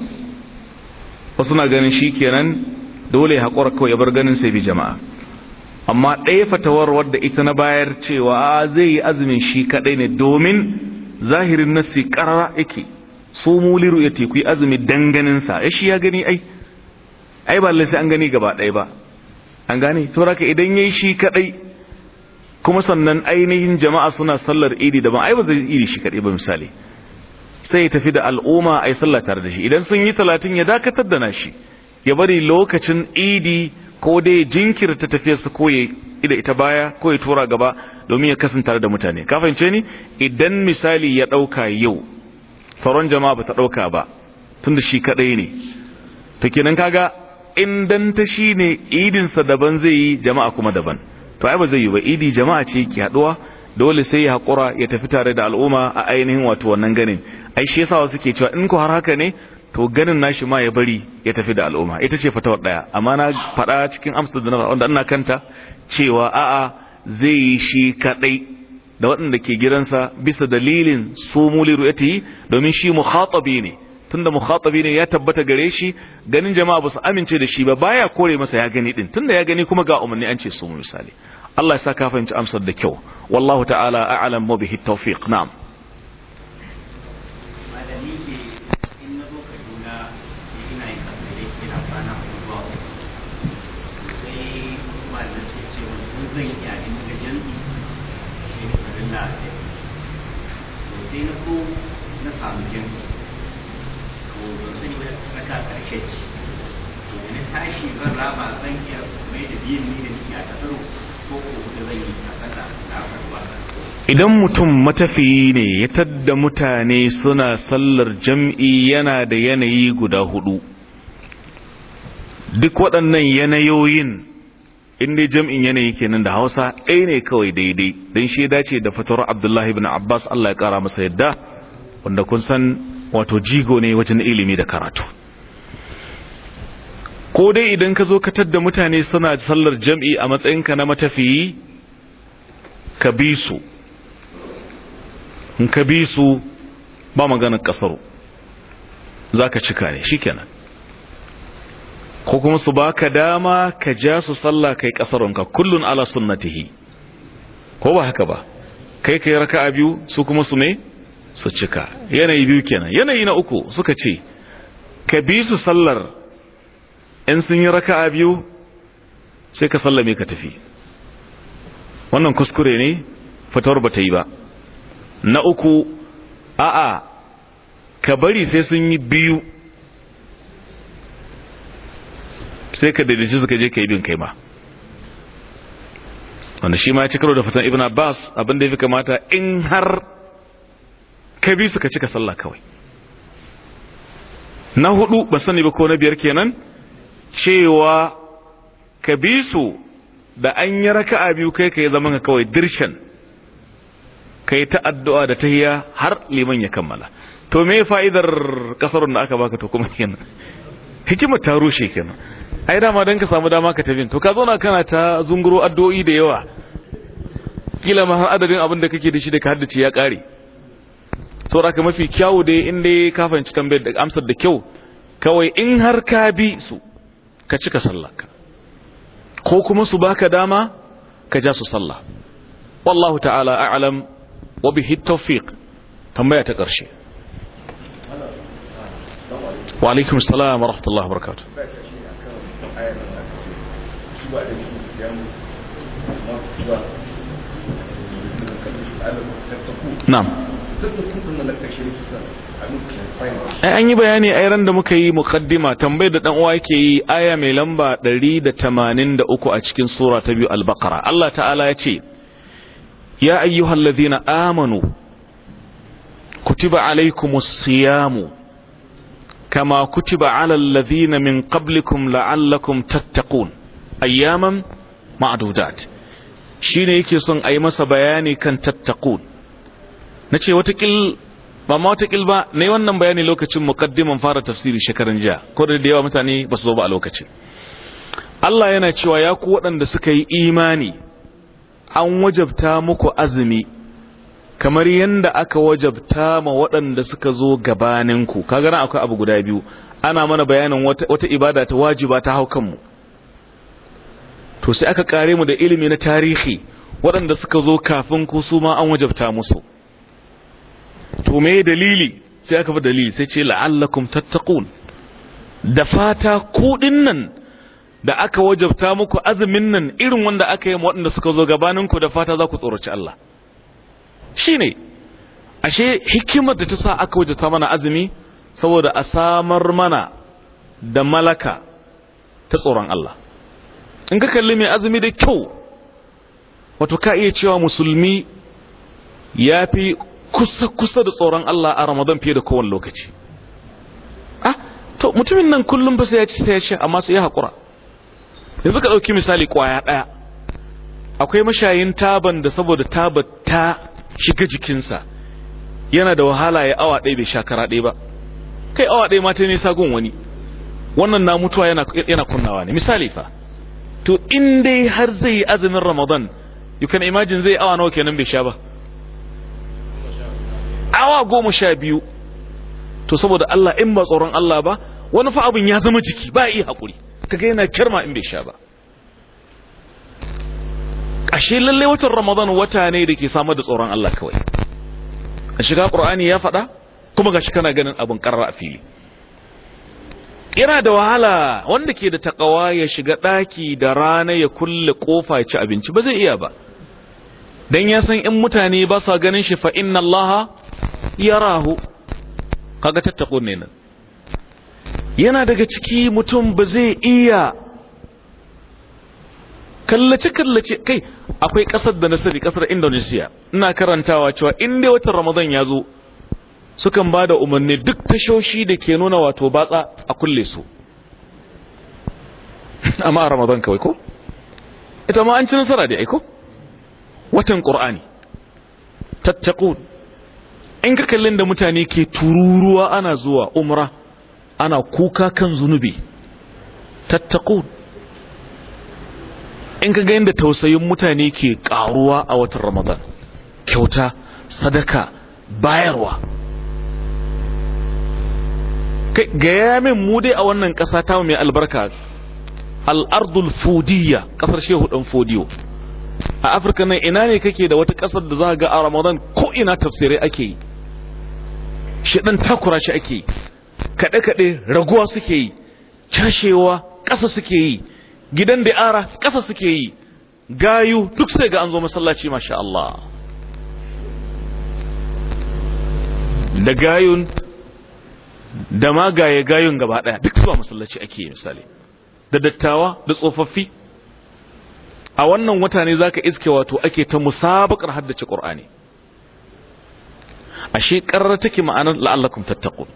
wasu na ganin shi kenan dole haƙura kawai ya bar ganin sai bi jama'a amma ɗaya fatawar wadda ita na bayar cewa zai yi azumin shi kaɗai ne domin zahirin nasi ƙarara yake so mu liru ya teku yi azumi dan sa ya eh, shi ya gani ai ai ba lallai sai an gani gaba ɗaya ba an gane saboda ka idan yayi shi kaɗai kuma sannan ainihin jama'a suna sallar idi daban ai ba zai idi shi kaɗai ba misali sai ya tafi da al'umma a yi sallah tare da shi idan sun yi talatin ya dakatar da nashi ya bari lokacin idi ko dai jinkirta tafiyar su ko ya ida ita baya ko ya tura gaba domin ya kasance tare da mutane ka ce ni idan misali ya ɗauka yau faron jama'a ba ta dauka ba tunda shi kadai ne ta kenan kaga in dan ta shine idin sa daban zai yi jama'a kuma daban to ai ba zai yi ba idi jama'a ce ke haɗuwa. dole sai ya haƙura ya tafi tare da al'umma a ainihin wato wannan ganin ai shi yasa wasu cewa in ko har haka ne to ganin nashi ma ya bari ya tafi da al'umma ita ce fatawar daya amma na faɗa cikin amsa da na wanda ina kanta cewa a'a zai yi shi kaɗai da waɗanda ke gidansa bisa dalilin su muli ru'ati domin shi muhatabi ne tunda muhatabi ne ya tabbata gare shi ganin jama'a ba su amince da shi ba baya kore masa ya gani din tunda ya gani kuma ga umarni an ce su misali Allah ya sa ka fahimci amsar da kyau wallahu ta'ala a'lam wa bihi tawfiq na'am tashi ban raba zan iya mai da biyan ni da nake a kasaro idan mutum matafiyi ne ya tadda mutane suna sallar jam'i yana da yanayi guda hudu duk waɗannan yanayoyin inda jam'in yanayi kenan da hausa ɗaya ne kawai daidai don shi dace da fatar abdullahi ibn abbas allah ya ƙara masa yadda wanda kun san wato jigo ne wajen ilimi da karatu ko dai idan ka zo katar da mutane suna sallar jam'i a matsayinka na matafiyi ka bi su in ka bi su ba maganin kasaro za ka cika ne shi kenan ko kuma su ba ka dama ka ja su sallah kai kasaronka kullun ala sunnatihi ko ba haka ba kai kai raka a biyu su kuma su ne su cika yanayi biyu kenan yanayi na uku suka ce ka bi su sallar in sun yi raka'a biyu sai ka sallame ka tafi wannan kuskure ne fatawar ba ta yi ba na uku a'a ka bari sai sun yi biyu sai ka daidaici suka je ka yi bin kai ma wanda shi ma ya ci karo da fatan ibn abbas abin da ya fi kamata in har ka bi suka cika sallah kawai na hudu ba sani ba ko na biyar kenan cewa ka bi su da an yi raka'a biyu kai ka yi zama ka kawai dirshan ka yi ta addu'a da tahiya har liman ya kammala to me fa'idar kasar da aka baka to kuma kenan hikimar ta rushe kenan ai dama don ka samu dama ka tafi to ka zauna kana ta zunguro addu'o'i da yawa kila ma har adadin abin da kake da shi da ka haddace ya kare saura ka mafi kyawu dai inda ya ka cikin da amsar da kyau kawai in har ka bi su ka cika sallarka ko kuma su baka dama ka ja su sallah wallahu ta'ala a'lam wa bihi tawfiq tambaya ta karshe. wa alaikum salam wa rahmatullahi wa barakatuh نعم تتقون لك تشريك السلام ai an yi bayani a ran da muka yi mukaddima tambayar da dan uwa yake yi aya mai lamba 183 a cikin sura ta biyu al-baqara Allah ta'ala ya ce ya ayyuhalladhina amanu kutiba alaykumus siyamu kama kutiba alal ladhina min qablikum la'allakum tattaqun ayyaman ma'dudat shine yake son yi masa bayani kan tattaqun nace watakil ba ma ba na wannan bayani lokacin mukaddiman fara tafsiri shekaran jiya ko da yawa mutane ba su zo ba a lokacin Allah yana cewa ya ku waɗanda suka yi imani an wajabta muku azumi kamar yadda aka wajabta ma waɗanda suka zo gabaninku kaga nan akwai abu guda biyu ana mana bayanin wata, wata ibada ta wajiba ta hau kanmu to sai aka kare mu da ilimi na tarihi waɗanda suka zo kafin ku su ma an wajabta musu to me dalili sai aka fi dalili sai ce la'allakum tattaqun da fata kuɗin nan da aka wajabta muku azumin nan irin wanda aka yi waɗanda suka zo ku da fata za ku tsoraci Allah shine ashe hikimar da ta sa aka wajabta mana azumi saboda a samar mana da malaka ta tsoron Allah in ka kalli mai azumi da kyau wato ka iya cewa musulmi ya fi kusa-kusa da tsoron Allah a Ramadan fiye da kowane lokaci ah to mutumin nan kullum ba sai ya ci sai ya ce amma sai ya haƙura yanzu ka ɗauki misali ƙwaya ɗaya akwai mashayin taban da saboda tabar ta shiga jikinsa yana da wahala ya awa ɗaya bai sha ɗaya ba kai awa ɗaya mata ne gun wani wannan na mutuwa yana kunnawa ne misali fa to in dai har zai yi azumin ramadan you can imagine zai awa nawa kenan bai sha ba awa goma sha biyu to saboda Allah in ba tsoron Allah ba wani fa abin ya zama jiki ba iya haƙuri kaga yana kirma in bai sha ba ashe lalle watan Ramadan wata ne da ke samar da tsoron Allah kawai a shiga Qur'ani ya faɗa kuma gashi kana ganin abin karra a fili yana da wahala wanda ke da taƙawa ya shiga ɗaki da rana ya kulle kofa ya ci abinci ba zai iya ba dan ya san in mutane ba sa ganin shi fa inna allaha yarahu kaga tattakun ne nan yana daga ciki mutum ba zai iya kallace-kallace kai akwai kasar da na kasar indonesia ina karantawa cewa inda watan ramadan ya zo sukan ba da umarni duk tashoshi da ke nuna wato batsa a kulle su amma a ramadan kawai ko ita ma an ci nasara da aiko watan ƙur'ani tattakun in ka kallon da mutane ke tururuwa ana zuwa umra ana kuka kan zunubi tattaqun in ka ga da tausayin mutane ke karuwa a watan ramadan kyauta sadaka bayarwa gaya min mu dai a wannan ƙasa ta mai albarka al'ardul fudiyya ƙasar shehu ɗan fodiyo a afirka nan ina ne kake da wata ƙasar da za ga a ramadan ko ina tafsirai ake yi shi takura shi ake yi kaɗe-kaɗe raguwa suke yi cashewa ƙasa suke yi gidan da ara ƙasa suke yi gayu duk sai ga an zo masallaci masha Allah da gayun da magaye gayun gaba ɗaya duk zuwa masallaci ake yi misali da dattawa da tsofaffi a wannan wata ne zaka iske wato ake ta musabakar haddace Qur'ani ashe ƙarar take ma'anar la'allakum tattaqun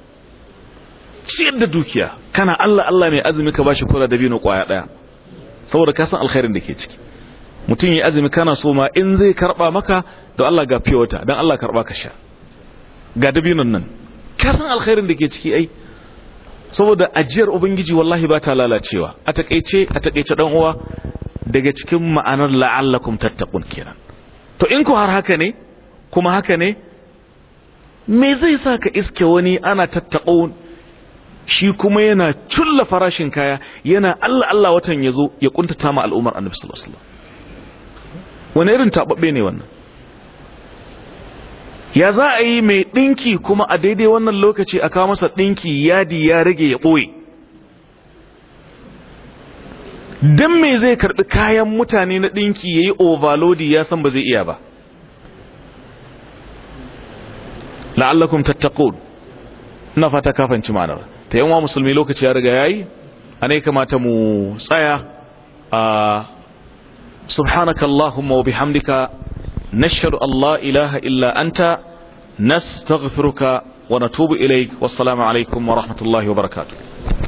ciyar da dukiya kana Allah Allah mai azumi ka bashi kula da bino kwaya daya saboda ka san alkhairin da ke ciki mutum yi azumi kana so ma in zai karba maka da Allah ga fiye wata dan Allah karba ka sha ga dabinon nan ka san alkhairin da ke ciki ai saboda ajiyar ubangiji wallahi ba ta lalacewa a takeice a takeice dan uwa daga cikin ma'anar la'allakum tattaqun kenan to in ku har haka ne kuma haka ne me zai sa ka iske wani ana tattaɓo shi kuma yana culla farashin kaya yana Allah Allah watan ya zo ya kuntata ma al'ummar annabi sallallahu alaihi wasallam wani irin taɓaɓe ne wannan ya za a yi mai dinki kuma a daidai wannan lokaci a kawo masa ɗinki yadi ya rage ya ɓoye dan me zai karɓi kayan mutane na dinki yayi yi overload ya san ba zai iya ba la'allakum tattaqun ina fata ka ci ma'anar ta wa musulmi lokaci ya riga yayi anai kamata mu tsaya a subhanakallahumma wa bihamdika nashhadu an la ilaha illa anta nastaghfiruka wa natubu ilaik wassalamu alaikum wa rahmatullahi wa barakatuh